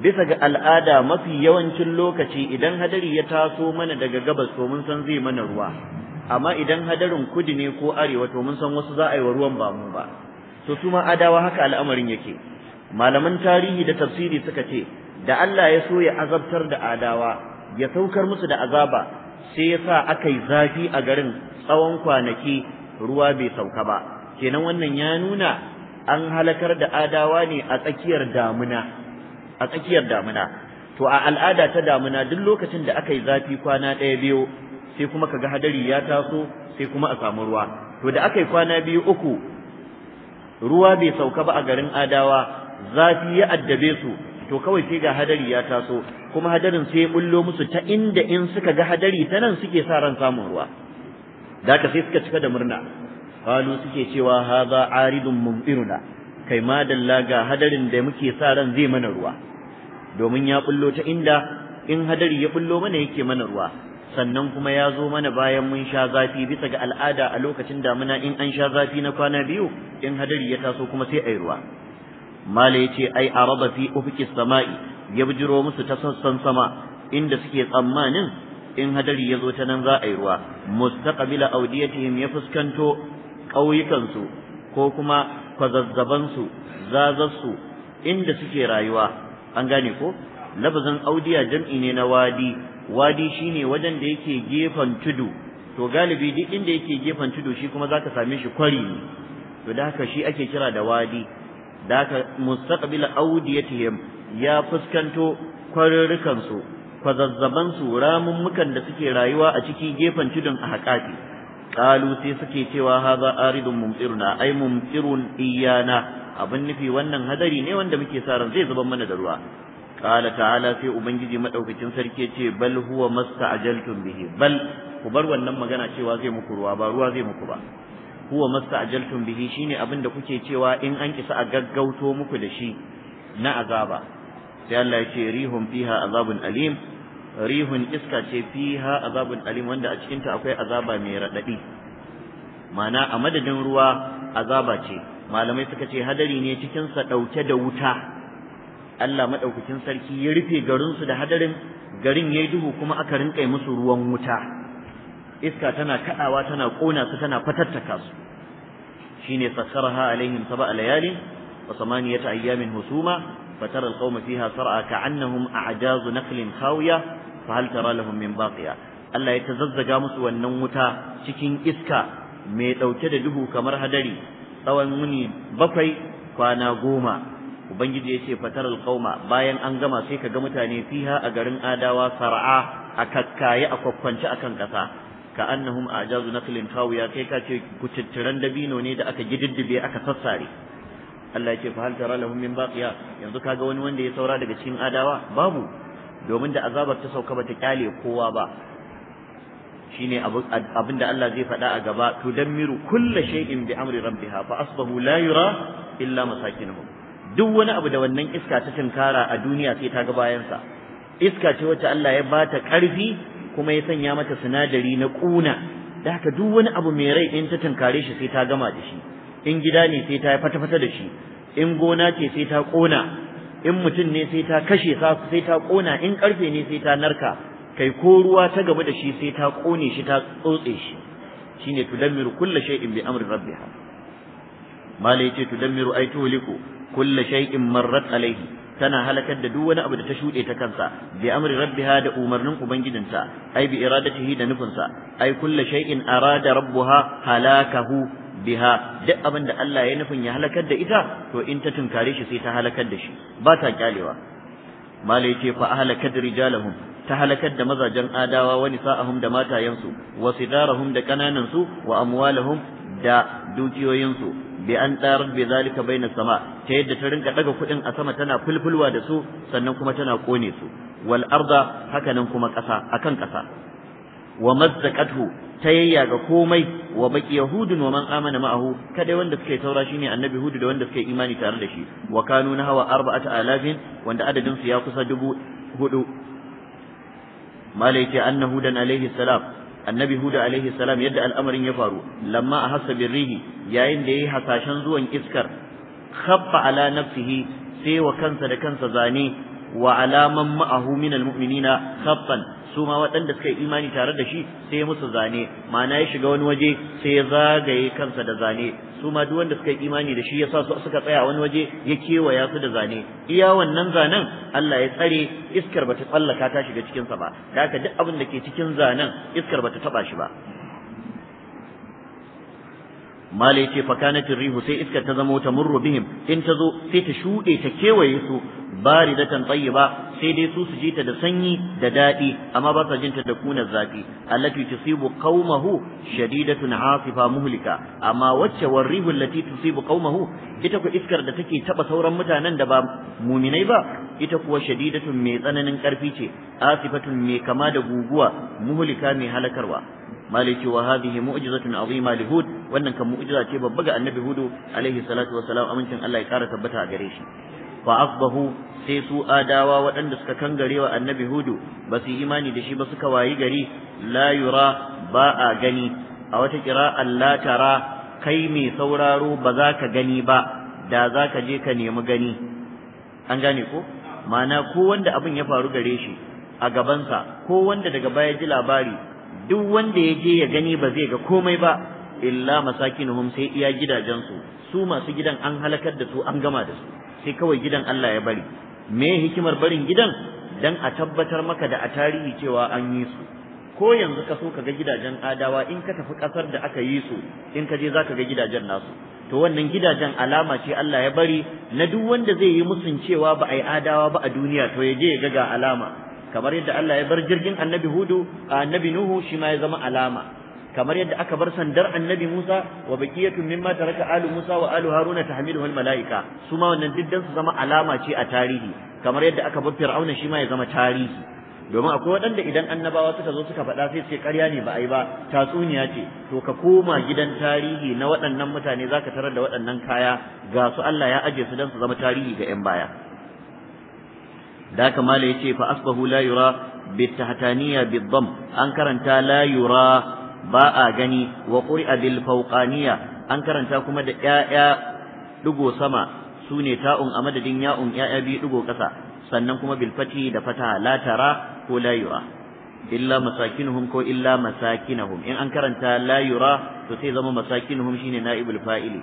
bisa ga al'ada mafi yawancin lokaci idan hadari ya taso mana daga gabas to mun san zai mana ruwa amma idan hadarin kudi ne ko arewa to mun san wasu za a yi wa ruwan ba mu ba to su ma adawa haka al'amarin yake malaman tarihi da tafsiri suka ce da Allah ya so ya azabtar da adawa ya saukar musu da azaba sai ya sa aka yi zafi a garin tsawon kwanaki ruwa bai sauka ba kenan wannan ya nuna an halakar da adawa ne a tsakiyar damuna a tsakiyar damuna to a al'ada ta damuna duk lokacin da aka yi zafi kwana ɗaya biyu sai kuma ka ga hadari ya taso sai kuma a samu ruwa to da aka yi kwana biyu uku ruwa bai sauka ba a garin adawa zafi ya addabe su to kawai sai ga hadari ya taso kuma hadarin sai ya bullo musu ta inda in suka ga hadari ta nan suke sa ran samun ruwa da haka sai suka cika da murna qalu suke cewa haza aridun mumbiruna kai ma dalla ga hadarin da muke sa ran zai mana ruwa domin ya bullo ta inda in hadari ya bullo mana yake mana ruwa sannan kuma ya zo mana bayan mun sha zafi bisa ga al'ada a lokacin damina in an sha zafi na kwana biyu in hadari ya taso kuma sai a yi ruwa mala yace ai araba fi ufuki samai ya bujiro musu ta sassan sama inda suke tsammanin in hadari ya zo ta nan za a yi ruwa mustaqbila audiyatihim ya fuskanto ƙauyukansu ko kuma kwazazzabansu zazassu inda suke rayuwa an gane ko Labazan audiya jam'i ne na wadi wadi shine wajen da yake gefen tudu to galibi duk inda yake gefen tudu shi kuma zaka same shi kwari ne to da haka shi ake kira da wadi da haka mustaqbil awdiyatihim ya fuskanto kwarurukan su kwazazzaban su ramummukan da suke rayuwa a cikin gefen tudun a haƙaƙi qalu sai suke cewa haza aridun mumtiruna ai mumtirun iyana abin nufi wannan hadari ne wanda muke sa ran zai zuba mana da ruwa qala ta'ala sai ubangiji madaukakin sarki ce bal huwa masta'ajaltum bihi bal ku bar wannan magana cewa zai muku ruwa ba ruwa zai muku ba huwa masta'ajaltum bihi shine abin da kuke cewa in an kisa a gaggauto muku da shi na azaba sai Allah ce rihum fiha azabun alim rihun iska ce fiha azabun alim wanda a cikin ta akwai azaba mai radadi mana a madadin ruwa azaba ce malamai suka ce hadari ne cikin sa dauke da wuta Allah maɗaukakin sarki ya rufe garinsu da hadarin garin yayi duhu kuma aka rinka musu ruwan wuta iska tana kaɗawa, tana kona su tana fatattaka su shine sassarha alaihim sab'a layalin wa samaniyata ayyamin husuma فترى القوم فيها صرعى كأنهم أعجاز نخل خاوية فهل ترى لهم من باقية wannan wuta cikin iska شكين إسكا da duhu كمرها دري طوان مني بقي kwana قوما ubangiji ce fatar qauma bayan an gama sai ka ga mutane fiha a garin adawa sar'a a kakkaye a kwakkwance akan kasa ka annahum ajazu naklin kawiya kai ka ce kututturan dabino ne da aka gididdibe aka sassare Allah ya ce fa hal tara lahum min baqiya yanzu ga wani wanda ya saura daga cikin adawa babu domin da azabar ta sauka bata kyale kowa ba shine abin da Allah zai faɗa a gaba tudammiru kullu shay'in bi amri rabbiha fa asbahu la yura illa masakinuhum duk wani abu da wannan iska ta tunkara a duniya sai ta ga bayansa iska ce wacce Allah ya ba ta ƙarfi kuma ya sanya mata sinadari na ƙuna da haka duk wani abu mai rai in ta tunkare shi sai ta gama da shi in gida ne sai ta fata-fata da shi in gona ce sai ta ƙona in mutum ne sai ta kashe sa sai ta ƙona in ƙarfe ne sai ta narka kai ko ruwa ta gaba da shi sai ta ƙone shi ta tsotse shi shine tudammiru kullu shay'in bi amri rabbiha malai ce tudammiru ay tuhliku Kulla shay'in marrat alayhi tana halakar da duk wani abu da ta shuɗe ta kansa bi amri rabbiha da umarnin ubangijinta ai bi iradatihi da nufinsa ai kullu shay'in arada rabbuha halakahu biha duk abin da Allah ya nufin ya halakar da ita to in ta tunkare shi sai ta halakar da shi ba ta kyalewa malai ce fa ahlakat rijalahum ta halakar da mazajen adawa wani sa'ahum da matayensu wa sidarahum da kananansu wa amwalahum da dukiyoyinsu bi an darar bi zalika baina sama ta yadda ta rinka daga kudin a sama tana fulfulwa da su sannan kuma tana kone su wal arda hakanan kuma kasa akan kasa wa mazzaqathu ta yayyaga komai wa baki yahudun wa man amana ma'ahu kada wanda suka yi taura shine annabi hudu da wanda suka yi imani tare da shi wa kanu na hawa arba'ata alafin wanda adadin su ya kusa dubu hudu malai ce annahu dan alaihi salam annabi huda alaihi salam yadda al'amarin ya faru lamma a hasa birrihi yayin da ya yi hasashen zuwan iskar khaffa ala nafsihi sai wa kansa da kansa zane wa alaman ma'ahu min almu'minina khaffan su ma waɗanda suka yi imani tare da shi sai musu zane ma'ana ya shiga wani waje sai ya zagaye kansa da zane su ma duk wanda suka yi imani da shi ya sa su suka tsaya wani waje ya kewaya su da zane iya wannan zanen Allah ya tsare iskar bata tsallaka ta shiga cikinsa ba da haka duk abin da ke cikin zanen iskar bata taba shi ba mala yace fa kanat rihu sai iskar ta zama ta murru bihim in ta zo sai ta shuɗe ta kewaye su bari baridatan tayyiba sai dai su su ta da sanyi da daɗi amma ba sa ta da kuna zafi allati tusibu qaumahu shadidatun asifa muhlika amma wacce rihu allati tusibu qaumahu ita ku iskar da take taba sauran mutanen da ba muminai ba ita kuwa shadidatun mai tsananin karfi ce asifatun mai kama da guguwa muhlika mai halakarwa maliki wa hadhihi mu'jizatun azima li wannan kan mu'jiza ce babba ga annabi hudu alaihi salatu wa salam amincin Allah ya kara tabbata a gare shi fa asbahu sai su adawa waɗanda suka kangare wa annabi hudu basu yi imani da shi ba suka wayi gari Layura yura ba a gani a wata kira la tara kai mai sauraro ba za ka gani ba da za ka je ka nemi gani an gane ko ma'ana ko abin ya faru gare shi a gabansa ko wanda daga baya ji labari duk wanda ya je ya gani ba zai ga komai ba illa masakinuhum sai iya gidajensu su masu gidan an halakar da su an gama da su sai kawai gidan Allah ya bari me hikimar barin gidan dan a tabbatar maka da a tarihi cewa an yi su ko yanzu ka so ka ga gidajen adawa in ka tafi kasar da aka yi su in ka je zaka ga gidajen nasu to wannan gidajen alama ce Allah ya bari na duk wanda zai yi musun cewa ba a yi adawa ba a duniya to ya je ya ga ga alama kamar yadda Allah ya bar jirgin annabi hudu annabi nuhu shi ma ya zama alama kamar yadda aka bar sandar annabi Musa wa baqiyatun mimma taraka alu Musa wa alu Haruna tahmiluhul malaika su ma wannan diddan su zama alama ce a tarihi kamar yadda aka bar Fir'auna shi ma ya zama tarihi domin akwai waɗanda idan annabawa suka zo suka faɗa sai ce ƙarya ne ba a yi ba tatsuniya ce to ka koma gidan tarihi na waɗannan mutane zaka tarar da waɗannan kaya ga su Allah ya aje su dan su zama tarihi ga 'yan baya da haka mala yace fa asbahu la yura bi tahtaniya bi dham an karanta la yura ba a gani wa qur'a bil fawqaniya an karanta kuma da ya'ya dugo sama sune ta'un a madadin ya'un ya'ya bi dugo kasa sannan kuma bil fati da fata la tara ko la yura illa masakinuhum ko illa masakinahum in an karanta la yura to sai zama masakinuhum shine naibul fa'ili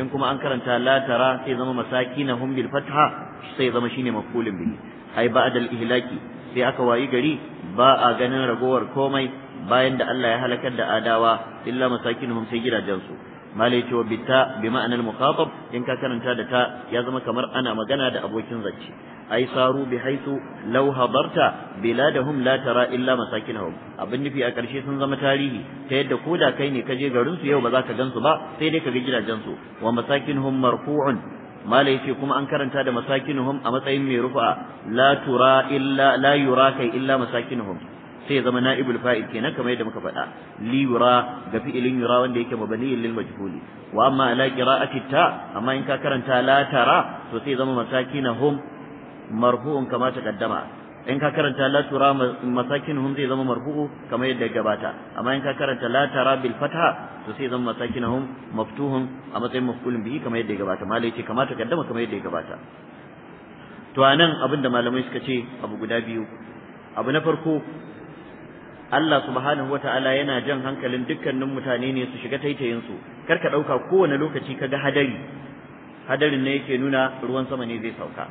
in kuma an karanta la tara sai zama masakinahum bil fatha sai zama shine maf'ulun bihi ai ba al-ihlaki sai aka wayi gari ba a ganin ragowar komai bayan da Allah ya halakar da adawa illa masakinuhum sai gidajensu malai ce wa bita bi ma'anar mukhatab in ka karanta da ta ya zama kamar ana magana da abokin zance ai saru bi haitu law hadarta biladahum la tara illa masakinahum abin nufi a karshe sun zama tarihi ta yadda ko da kai ne ka je garin su yau ba za ka gansu ba sai dai ka ga gidajen su wa masakinuhum marfu'un mala yace kuma an karanta da masakinuhum a matsayin mai rufa la tura illa la yura kai illa masakinuhum sai zama na'ibul fa'il kenan kamar yadda muka faɗa li yura ga fi'ilin yura wanda yake mabani lil majhuli wa amma ala qira'ati ta amma in ka karanta la tara to sai zama masakinahum marfu'un kama kaddama. in ka karanta la tura hum zai zama marfu'u kamar yadda gabata amma in ka karanta la tara bil fatha to sai zama hum maftuhun a matsayin mafkulun bihi kamar yadda gabata malai ce kamata kaddama kamar yadda gabata to anan da malamai suka ce abu guda biyu abu na farko Allah subhanahu wata'ala yana jan hankalin dukkanin mutane ne su shiga taitayin su kar ka dauka kowane lokaci kaga hadari hadarin ne yake nuna ruwan sama ne zai sauka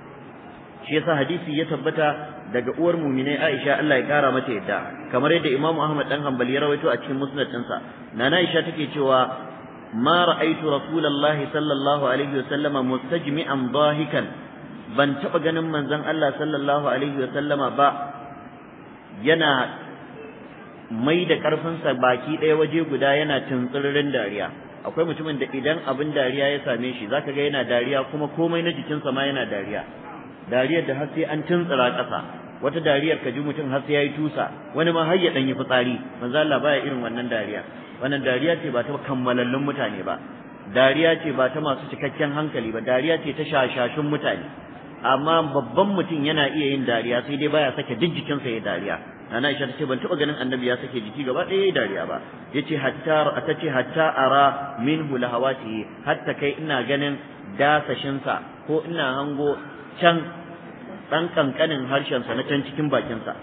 shi yasa hadisi ya tabbata daga uwar muminai Aisha Allah ya kara mata yadda kamar yadda Imam Ahmad dan Hanbali ya rawaito a cikin musnad ɗinsa nana Aisha take cewa ma ra'aitu rasulullahi sallallahu alaihi wasallama mustajmi'an dahikan ban taba ganin manzon Allah sallallahu alaihi wasallama ba yana mai da karfinsa baki ɗaya waje guda yana tuntsirin dariya akwai mutumin da idan abin dariya ya same shi zaka ga yana dariya kuma komai na jikinsa ma yana dariya dariyar da har sai an tuntsira ƙasa wata dariyar ka ji mutum har sai yayi tusa wani ma har ya dan yi fitsari manzo Allah baya irin wannan dariya wannan dariya ce ba ta kammalallun mutane ba dariya ce ba ta masu cikakken hankali ba dariya ce ta shashashun mutane amma babban mutum yana iya yin dariya sai dai baya sake duk jikinsa ya dariya ana Aisha tace ban taba ganin Annabi ya sake jiki gaba ɗaya ya dariya ba yace hatta tace hatta ara minhu lahawati hatta kai ina ganin dasashinsa, ko ina hango can ɗan ƙanƙanin harshensa na can cikin bakinsa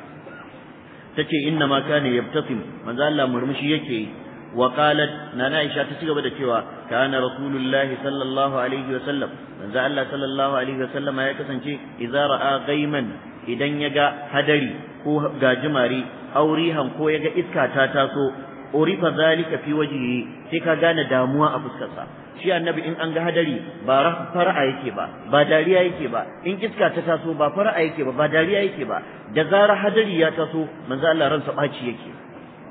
ta ce inna ma kana yabtasim manzo Allah murmushi yake yi wa qalat nana Aisha ta cigaba da cewa kana rasulullahi sallallahu alaihi wa sallam manzo Allah sallallahu alaihi wa sallam ya kasance idza ra'a gaiman idan ya ga hadari ko gajimare aurihan ko ya ga iska ta taso urifa zalika fi wajhi sai ka gane damuwa a fuskarsa shi annabi in an ga hadari ba fara'a yake ba ba dariya yake ba in iska ta taso ba fara'a yake ba ba dariya yake ba da zarar hadari ya taso manzo Allah ransa baci yake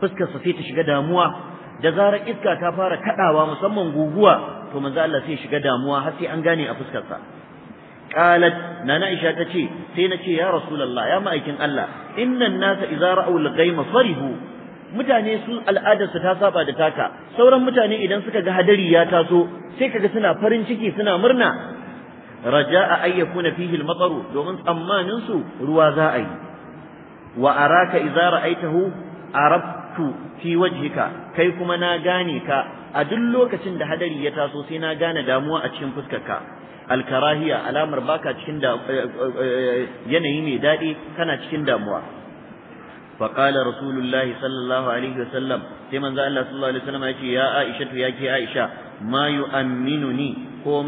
fuskar sa sai ta shiga damuwa da zarar iska ta fara kadawa musamman guguwa to manzo Allah sai shiga damuwa har sai an gane a fuskar sa قالت نانا عائشة تشي سينتي يا رسول الله يا allah الله إن الناس إذا رأوا الغيم farihu. mutane su al'adarsu ta saba da taka sauran mutane idan suka ga hadari ya taso sai kaga suna farin ciki suna murna raja'a ay yakuna fihi al-mataru domin tsammanin su ruwa za a yi wa araka idza ra'aitahu arabtu fi wajhika kai kuma na gane ka a duk lokacin da hadari ya taso sai na gane damuwa a cikin fuskarka alkarahiya alamar baka cikin da eh, eh, eh, yanayi mai daɗi kana cikin damuwa فقال رسول الله صلى الله ya وسلم ثم الله صلى الله عليه وسلم Ko Mayu Uminu عائشة Me ke هو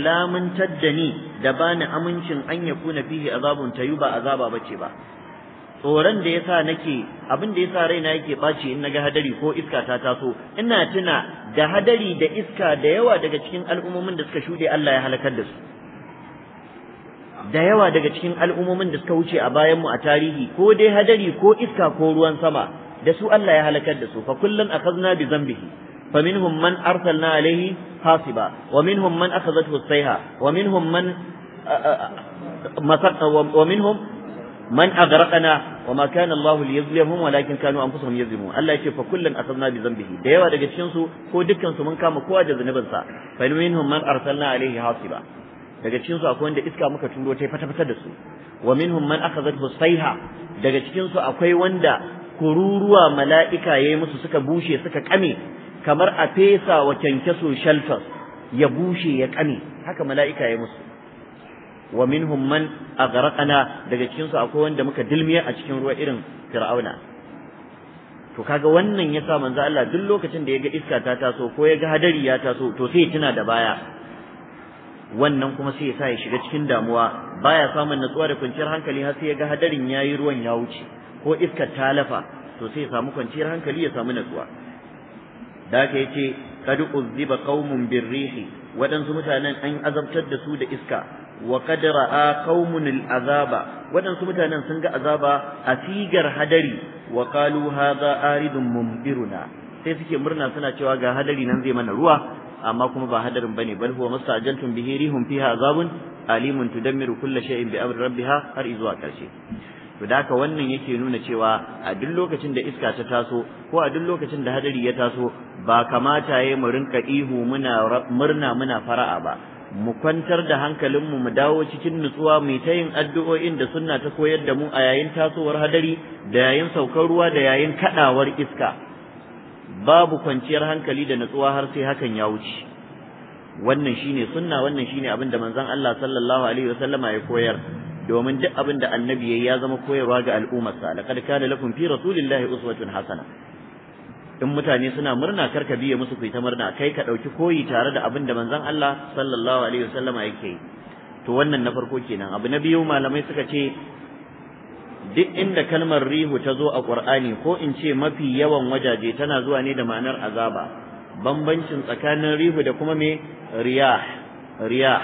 ما ni da bani amincin تدني دبان أمنش أن يكون فيه عذاب تيوبا عذابا بكيبا tsoron da yasa nake abin da yasa raina yake baci in na ga hadari ko iska ta taso ina tuna da hadari da iska da yawa daga cikin al'ummomin da suka shuɗe Allah ya halakar da su da yawa daga cikin al'ummomin da suka wuce a bayanmu a tarihi ko dai hadari ko iska ko ruwan sama da su Allah ya halakar da su fa kullun akhadna bi dhanbihi فمنهم من أرسلنا عليه حاصبا ومنهم من أخذته الصيحة ومنهم من ومنهم من أغرقنا وما كان الله ليظلمهم ولكن كانوا أنفسهم يظلمون الله يشفى فكلا أخذنا بذنبه ديوا دقت شنسو هو دكا من كام كواجز نبنسا فمنهم من أرسلنا عليه حاصبا daga cikin su akwai wanda iska muka turo ta fata-fata da su wa minhum man akhadathu sayha daga cikin su akwai wanda kururuwa mala'ika yayi musu suka bushe suka kame kamar a fesa wa kyankyaso shelter ya bushe ya kame haka mala'ika yayi musu wa minhum man aghraqana daga cikin su akwai wanda muka dilmiya a cikin ruwa irin fir'auna to kaga wannan yasa manzo Allah duk lokacin da yaga ga iska ta taso ko ya ga hadari ya taso to sai tana tuna da baya wannan kuma sai ya sa ya shiga cikin damuwa baya samun natsuwa da kwanciyar hankali har sai ya ga hadarin yayi ruwan ya wuce ko iskar ta lafa to sai ya samu kwanciyar hankali ya samu natsuwa da haka yace kad uzziba qaumun birrihi wadansu mutanen an azabtar da su da iska wa kad ra'a qaumun al'azaba wadansu mutanen sun ga azaba a sigar hadari wa qalu hadha aridun mumbiruna sai suke murna suna cewa ga hadari nan zai mana ruwa amma kuma ba hadarin bane bal huwa mustajaltun bihi rihum fiha azabun alimun tudammiru kulli shay'in bi amri rabbiha har izuwa karshe to da wannan yake nuna cewa a duk lokacin da iska ta taso ko a duk lokacin da hadari ya taso ba kamata yayi mu rinka ihu muna murna muna fara'a ba mu kwantar da hankalinmu mu dawo cikin nutsuwa mu ta yin addu'o'in da sunna ta koyar da mu a yayin tasowar hadari da yayin saukar ruwa da yayin kadawar iska babu kwanciyar hankali da natsuwa har sai hakan ya wuce wannan shine sunna wannan shine abin da manzon Allah sallallahu alaihi wasallama ya koyar domin duk abin da annabi ya zama koyarwa ga sa, laqad kana lakum fi rasulillahi uswatun hasana in mutane suna murna kar ka biye musu kai ta murna kai ka dauki koyi tare da abin da manzon Allah sallallahu alaihi wasallama yake to wannan na farko kenan abu na biyu malamai suka ce duk inda kalmar rihu ta zo a Qur'ani ko in ce mafi yawan wajaje tana zuwa ne da ma'anar azaba bambancin tsakanin rihu da kuma me riyah riyah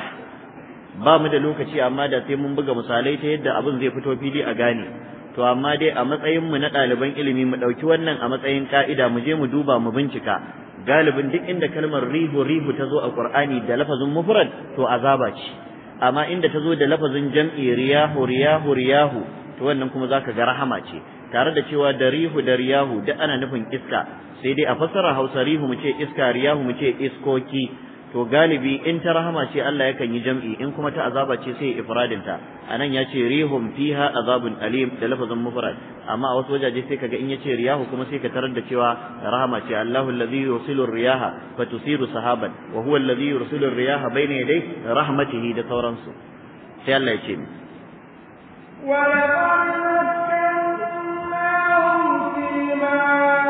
ba mu da lokaci amma da sai mun buga misalai ta yadda abin zai fito fili a gane to amma dai a matsayin mu na ɗaliban ilimi mu ɗauki wannan a matsayin ka'ida mu je mu duba mu bincika galibin duk inda kalmar rihu rihu ta zo a Qur'ani da lafazin mufrad to azaba ce amma inda ta zo da lafazin jam'i riyahu riyahu riyahu to wannan kuma zaka ga rahama ce tare da cewa da rihu da riyahu duk ana nufin iska sai dai a fassara Hausa rihu mu ce iska riyahu mu ce iskoki to galibi in ta rahama ce Allah yakan yi jam'i in kuma ta azaba ce sai ifradinta anan ya ce rihum fiha azabun alim da lafazin mufrad amma a wasu wajaje sai kaga in ce riyahu kuma sai ka tarar da cewa rahama ce Allahu allazi yursilu riyaha fatusiru sahaban wa huwa allazi yursilu riyaha bayna yaday rahmatihi da sauransu sai Allah ya ce ولقد مكناهم فيما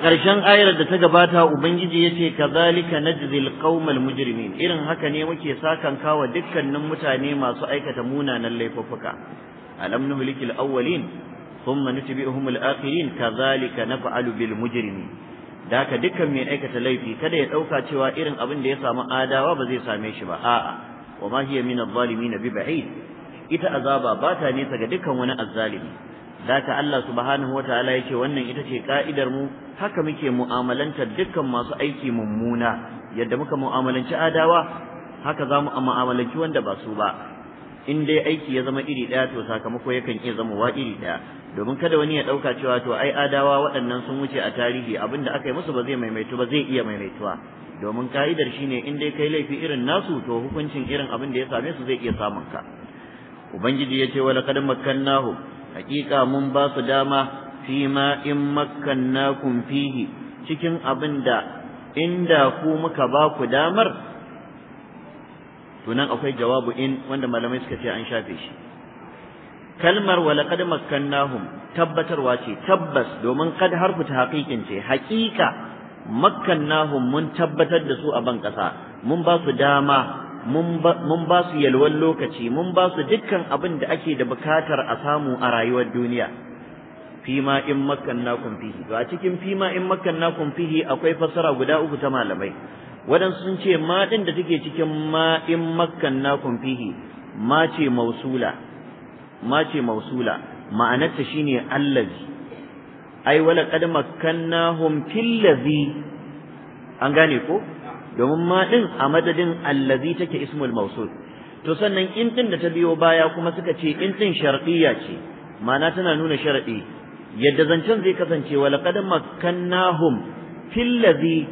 ƙarshen ayar da ta gabata ubangiji ya ce kazalika najzil qaumal mujrimin irin haka ne muke sakan kawa dukkanin mutane masu aikata munanan laifuffuka alam nuhlikil awwalin thumma nutbi'uhum al-akhirin kazalika naf'alu bil mujrimin da haka dukkan mai aikata laifi kada ya dauka cewa irin abin da ya samu adawa ba zai same shi ba a'a wa ma hiya min adh-dhalimin bi ba'id ita azaba ba ta nesa ga dukkan wani azzalimi da haka Allah subhanahu wataala yake wannan ita ce ka'idar mu haka muke mu'amalantar dukkan masu aiki mummuna yadda muka mu'amalanci adawa haka za mu mu'amalanci wanda ba su ba in dai aiki ya zama iri ɗaya to sakamako yakan iya zama wa iri ɗaya domin kada wani ya ɗauka cewa to ai adawa waɗannan sun wuce a tarihi abin da aka yi musu ba zai maimaitu ba zai iya maimaituwa domin ka'idar shine in dai kai laifi irin nasu to hukuncin irin abin da ya same su zai iya samun ka ubangiji ya ce wala kad makannahu haƙiƙa mun ba su dama Sima in makkannakum fihi cikin abin da inda ku muka ba ku damar to akwai jawabu in wanda malamai suka ce an shafe shi kalmar walaqad makkannahum tabbatarwa ce tabbas domin kad harfu ta haqiqin ce haqiqa makkannahum mun tabbatar da su a ban kasa mun ba su dama mun ba su yalwan lokaci mun ba su dukkan abin da ake da bukatar a samu a rayuwar duniya fima in makkannakum fihi to a cikin fima in makkannakum fihi akwai fasara guda uku ta malamai wadan sun ce ma din da take cikin ma in makkannakum fihi ma ce mausula ma ce mausula ma'anarta shine allazi ai wala qad makkannahum fil ladhi an gane ko domin ma din a madadin allazi take ismul mausul to sannan in din da ta biyo baya kuma suka ce in din sharqiyya ce ma'ana tana nuna sharadi yadda zancen zai kasance wa laqad makkannahum fil ladhi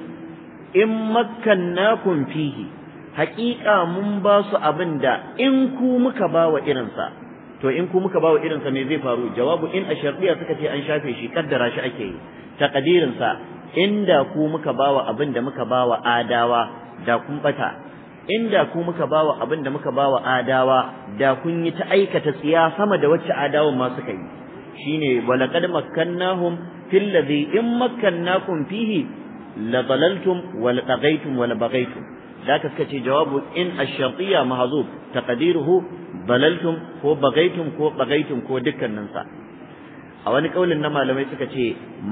in makkannakum fihi haƙiƙa mun ba su abin da in ku muka ba wa irinsa to in ku muka ba wa irinsa me zai faru jawabu in a sharɗiya suka ce an shafe shi kaddara shi ake yi sa inda ku muka ba wa abin da muka ba wa adawa da kun ɓata inda ku muka ba wa abin da muka ba wa adawa da kun yi ta aikata tsiya sama da wacce adawan ma suka yi shine walaqad makkannahum fil ladhi in makkannakum fihi la dalaltum wa la taghaytum wa la baghaytum da ka ce jawabu in ash-shartiyya mahzub taqdiruhu dalaltum ko baghaytum ko baghaytum ko dukkanin sa a wani kaulin na malamai suka ce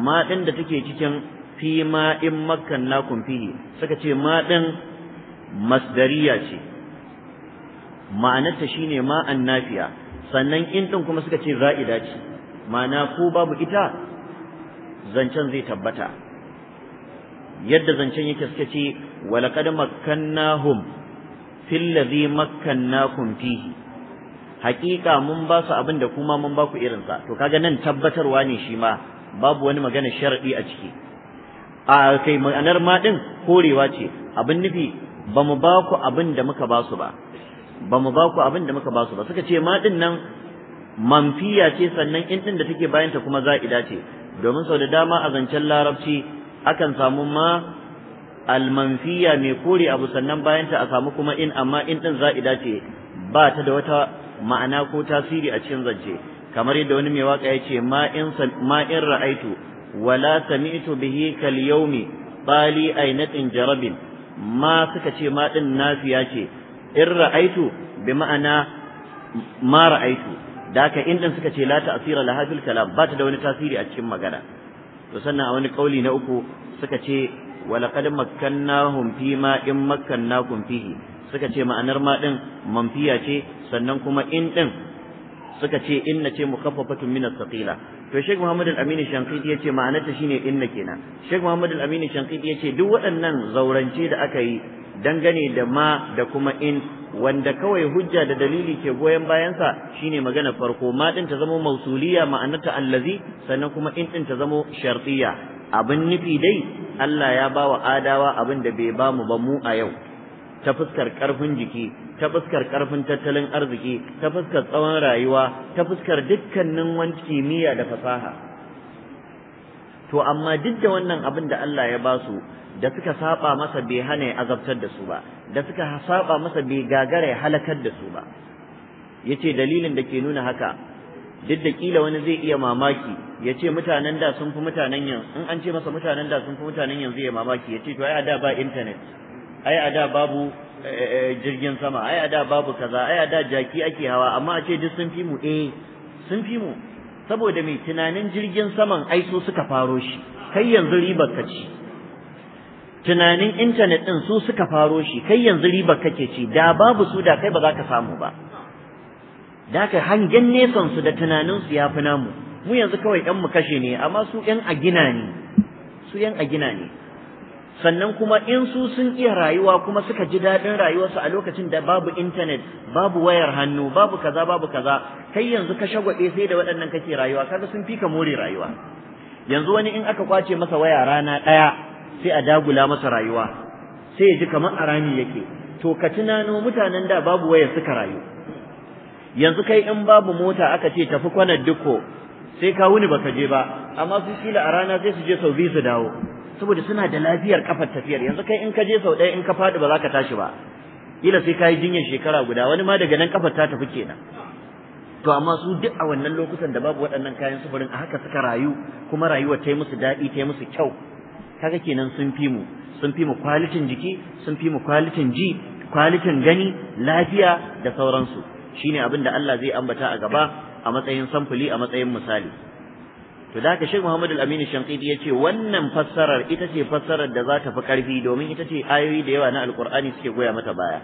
ma din da take cikin fi ma in makkannakum fihi suka ce ma din masdariya ce ma'anarta shine ma annafiya sannan in din kuma suka ce za'ida ce ma'ana ko babu ita zancen zai tabbata yadda zancen yake suke ce walaqad makkannahum fil ladhi makkannakum fihi haƙiƙa mun ba su abin da kuma mun ba ku sa to kaga nan tabbatarwa ne shi ma babu wani magana sharadi a ciki a kai ma'anar ma din korewa ce abin nufi ba mu ba ku abin da muka ba su ba ba mu ba ku abin da muka ba su ba suka ce ma din nan manfiya ce sannan in din da take bayan ta kuma za'ida ce domin sau da dama a zancen larabci akan samu ma almanfiya mai kore abu sannan bayan ta a samu kuma in amma in din za'ida ce ba ta da wata ma'ana ko tasiri a cikin zance kamar yadda wani mai waka ya ce ma in ma in ra'aitu wala sami'tu bihi kal yawmi bali ainatin jarabin ma suka ce ma din nafiya ce in ra'aitu bi ma'ana ma ra'aitu da haka in suka ce la ta'sira laha fil kalam ba ta da wani tasiri a cikin magana to sannan a wani kauli na uku suka ce walaqad makkannahum fi ma in makkannakum fihi suka ce ma'anar ma din manfiya ce sannan kuma in din suka ce inna ce mukaffafatun min as-saqila to Sheikh Muhammad Al-Amin Shankiti yace ma'anarta shine inna kenan Sheikh Muhammad Al-Amin Shankiti yace duk waɗannan zaurance da aka yi dangane da ma da kuma in wanda kawai hujja da dalili ke goyon bayansa shine magana farko ma din ta zamo mausuliya ma'anarta allazi sannan kuma in din ta zamo shartiya abin nufi dai Allah ya ba wa adawa abin da bai ba mu ba mu a yau ta fuskar karfin jiki ta fuskar karfin tattalin arziki ta fuskar tsawon rayuwa ta fuskar dukkanin wani kimiyya da fasaha to amma duk da wannan abin da Allah ya ba su da suka saba masa bai hana azabtar da su ba da suka saba masa bai gagara halakar da su ba yace dalilin da ke nuna haka duk da kila wani zai iya mamaki ya ce mutanen da sun fi mutanen yanzu in an ce masa mutanen da sun fi mutanen yanzu ya mamaki ya ce to ai a da ba internet ai a da babu eh, eh, jirgin sama ai a da babu kaza ai a da jaki ake hawa amma a ce duk sun fi mu eh sun fi mu saboda mai tunanin jirgin saman aiso suka faro shi kai yanzu ribar ka ci tunanin intanet ɗin su suka faro shi kai yanzu ribar kake ci da babu su da kai ba za ka samu ba da ka hangen nesan su da tunanin su ya fi namu mu yanzu kawai ɗanmu mu kashe ne amma su yan a ne su a gina ne sannan kuma in su sun iya rayuwa kuma suka ji daɗin rayuwarsu a lokacin da babu intanet babu wayar hannu babu kaza babu kaza kai yanzu ka shagwaɓe sai da waɗannan kake rayuwa kaga sun fi ka more rayuwa yanzu wani in aka kwace masa waya rana ɗaya sai a dagula masa rayuwa sai ya ji kamar a rami yake to ka tunano mutanen da babu wayar suka rayu yanzu kai in babu mota aka ce tafi kwanar dukko sai ka wuni baka je ba amma su kila a rana sai su je sau biyu su dawo saboda suna da lafiyar kafar tafiyar yanzu kai in ka je sau ɗaya in ka faɗi ba za ka tashi ba ila sai ka yi jinyar shekara guda wani ma daga nan kafar ta tafi kenan to amma su duk a wannan lokutan da babu waɗannan kayan sufurin a haka suka rayu kuma rayuwar ta yi musu daɗi ta yi musu kyau kaga kenan sun fi mu sun fi mu kwalitin jiki sun fi mu kwalitin ji kwalitin gani lafiya da sauransu shine abin da Allah zai ambata a gaba a matsayin samfuli a matsayin misali to da haka Sheikh Muhammad Al-Amin Shanqidi yace wannan fassarar ita ce fassarar da za ta fi karfi domin ita ce ayoyi da yawa na Al-Qur'ani suke goya mata baya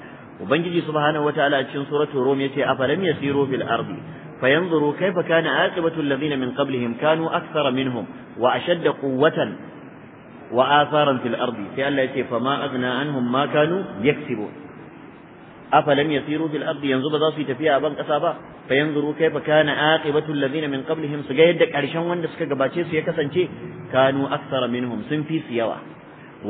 ubangiji subhanahu wataala a cikin suratul rum yace afalam yasiru fil ardi fayanzuru kayfa kana aqibatu alladhina min qablihim kanu akthara minhum wa ashadda quwwatan wa atharan fil ardi sai Allah yace fama aghna anhum ma kanu yaksibun afalam yasiru fil ardi yanzu ba za su yi tafiya a ban kasa ba fa yanzuru kaifa kana aqibatu alladhina min qablihim su ga yadda karshen wanda suka gabace su ya kasance kanu aksara minhum sun fi su yawa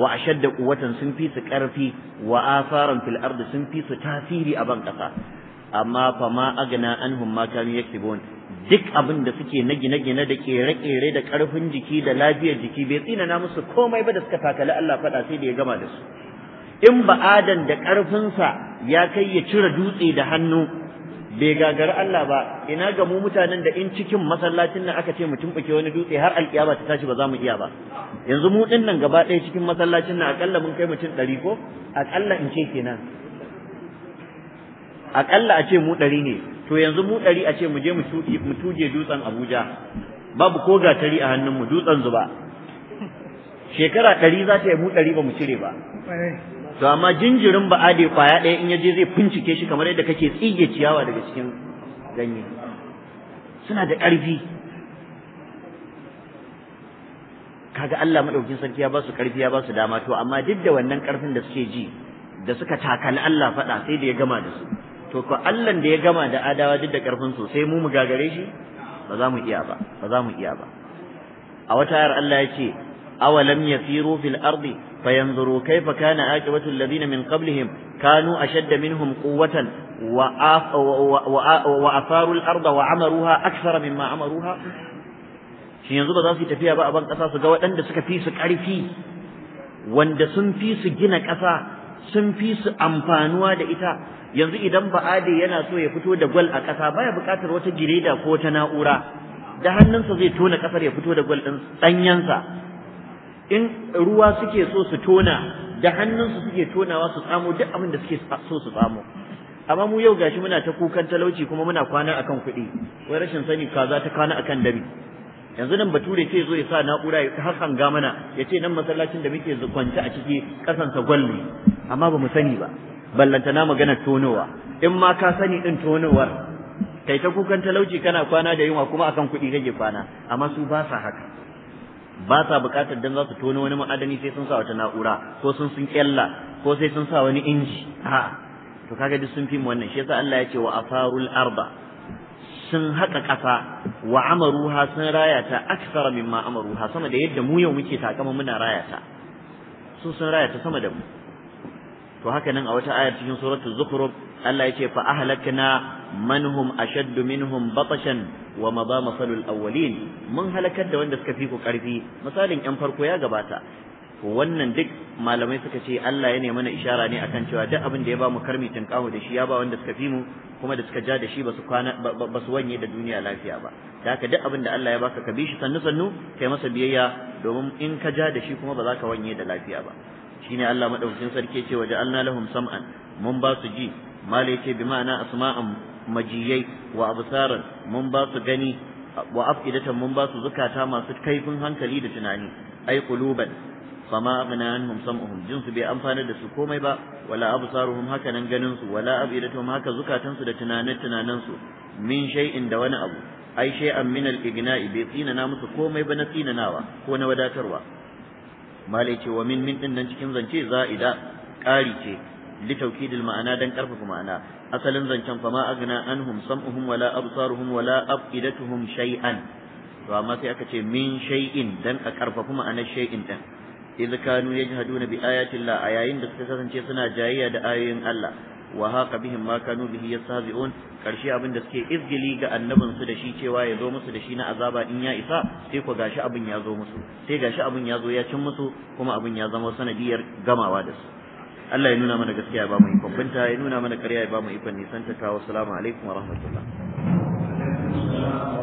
wa ashadda quwwatan sun fi su karfi wa asaran fil ardi sun fi su tasiri a ban kasa amma fa ma agna anhum ma kanu yaktubun duk abin da suke na gine-gine da kere-kere da karfin jiki da lafiyar jiki bai tsina na musu komai ba da suka takali Allah faɗa sai da ya gama da su in ba adan da ƙarfinsa ya kai ya cire dutse da hannu bai gagari Allah ba ina ga mu mutanen da in cikin masallacin nan aka ce mu tumɓuke wani dutse har alƙiyama ta tashi ba za mu iya ba yanzu mu ɗin nan gaba ɗaya cikin masallacin nan aƙalla mun kai mutum ɗari ko aƙalla in ce kenan aƙalla a ce mu ɗari ne to yanzu mu ɗari a ce mu je mu tuje dutsen Abuja babu ko gatari a hannunmu dutsen zuba shekara ɗari za ta yi mu ɗari ba mu cire ba to amma jinjirin ba ade kwaya ɗaya in yaje zai bincike shi kamar yadda kake tsige ciyawa daga cikin ganye suna da ƙarfi kaga Allah madaukin sarki ya ba su ƙarfi ya ba su dama to amma duk da wannan ƙarfin da suke ji da suka takali Allah faɗa sai da ya gama da su to ko Allah da ya gama da adawa duk da ƙarfin su sai mu mu gagare shi ba za mu iya ba ba za mu iya ba a wata ayar Allah ya ce أولم يسيروا في الأرض فينظروا كيف كان عاقبة الذين من قبلهم كانوا أشد منهم قوة وأثاروا الأرض وعمروها أكثر مما عمروها shin yanzu ba za su tafiya ba a ban ƙasa su ga waɗanda suka fi su ƙarfi wanda sun fi su gina ƙasa sun fi su amfanuwa da ita yanzu idan ba'ade yana so ya fito da gwal a ƙasa baya buƙatar wata gireda ko ta na'ura da hannunsa zai tona ƙasar ya fito da gwal ɗin ɗanyensa in ruwa suke so su tona da hannunsu suke tonawa su tsamo duk abin da suke so su tsamo amma mu yau gashi muna ta kukan talauci kuma muna kwana akan kuɗi wai rashin sani kaza ta kwana akan dabi yanzu nan bature ce zo ya sa na'ura ya ga mana ya ce nan masallacin da muke kwance a ciki kasansa gwalli amma ba sani ba na magana tonowa in ma ka sani din tonowar kai ta kukan talauci kana kwana da yunwa kuma akan kuɗi kake kwana amma su ba sa haka ba sa bukatar dan za su tono wani ma'adani sai sun sa wata na'ura ko sun sun kyalla ko sai sun sa wani inji a to kaga duk sun fi mu wannan shi yasa Allah ya ce wa asarul arda sun haka kasa wa amaruha sun raya ta aksara mimma amaruha sama da yadda mu yau muke takama muna raya ta su sun raya ta sama da mu to haka nan a wata ayar cikin suratul zukhruf Allah ce fa ahlakna man hum ashadd minhum batashan wa madha masalul awwalin mun halakar da wanda suka fi ku karfi misalin yan farko ya gabata wannan duk malamai suka ce Allah ya mana ishara ne akan cewa duk abin da ya ba mu karmi tinkaho da shi ya ba wanda suka fi mu kuma da suka ja da shi ba su kwana ba su wanye da duniya lafiya ba da haka duk abin da Allah ya baka ka bi shi sannu sannu kai masa biyayya domin in ka ja da shi kuma ba za ka wanye da lafiya ba shine Allah madaukakin sarki ce waje Allah lahum sam'an mun ba su ji mala yace bi ma'ana asma'an majiyai wa absaran mun ba su gani masu kaifin hankali da tunani ai quluban fama aghna anhum sam'uhum jinsu bai amfanar da su komai ba wala absaruhum haka nan ganin su wala afidatuhum haka zukatan da tunanin tunanin su min da wani abu ai shay'an min al-igna'i bai tsinana musu komai ba na tsinanawa ko na wadatarwa malai ce wa min min din cikin zance za'ida ƙari ce li tawkidil ma'ana dan karfafa ma'ana asalin zancen fa ma agna anhum sam'uhum wala absaruhum wala afidatuhum shay'an to amma sai aka ce min shay'in dan a karfafa ma'anar shay'in din idh kanu yajhaduna bi ayati llah ayayin da suka kasance suna jayayya da ayoyin Allah wa haqa bihim ma kanu bihi yastahzi'un karshe abin da suke izgili ga annabin su da shi cewa ya zo musu da shi na azaba in ya isa sai ko gashi abin ya zo ya zo cin musu kuma abin ya zama sanadiyar gamawa da su Allah ya nuna mana gaskiya ba mu ikon binta ya nuna mana karya ya ba mu ikon nisanta ta wasu alaikum wa rahmatullah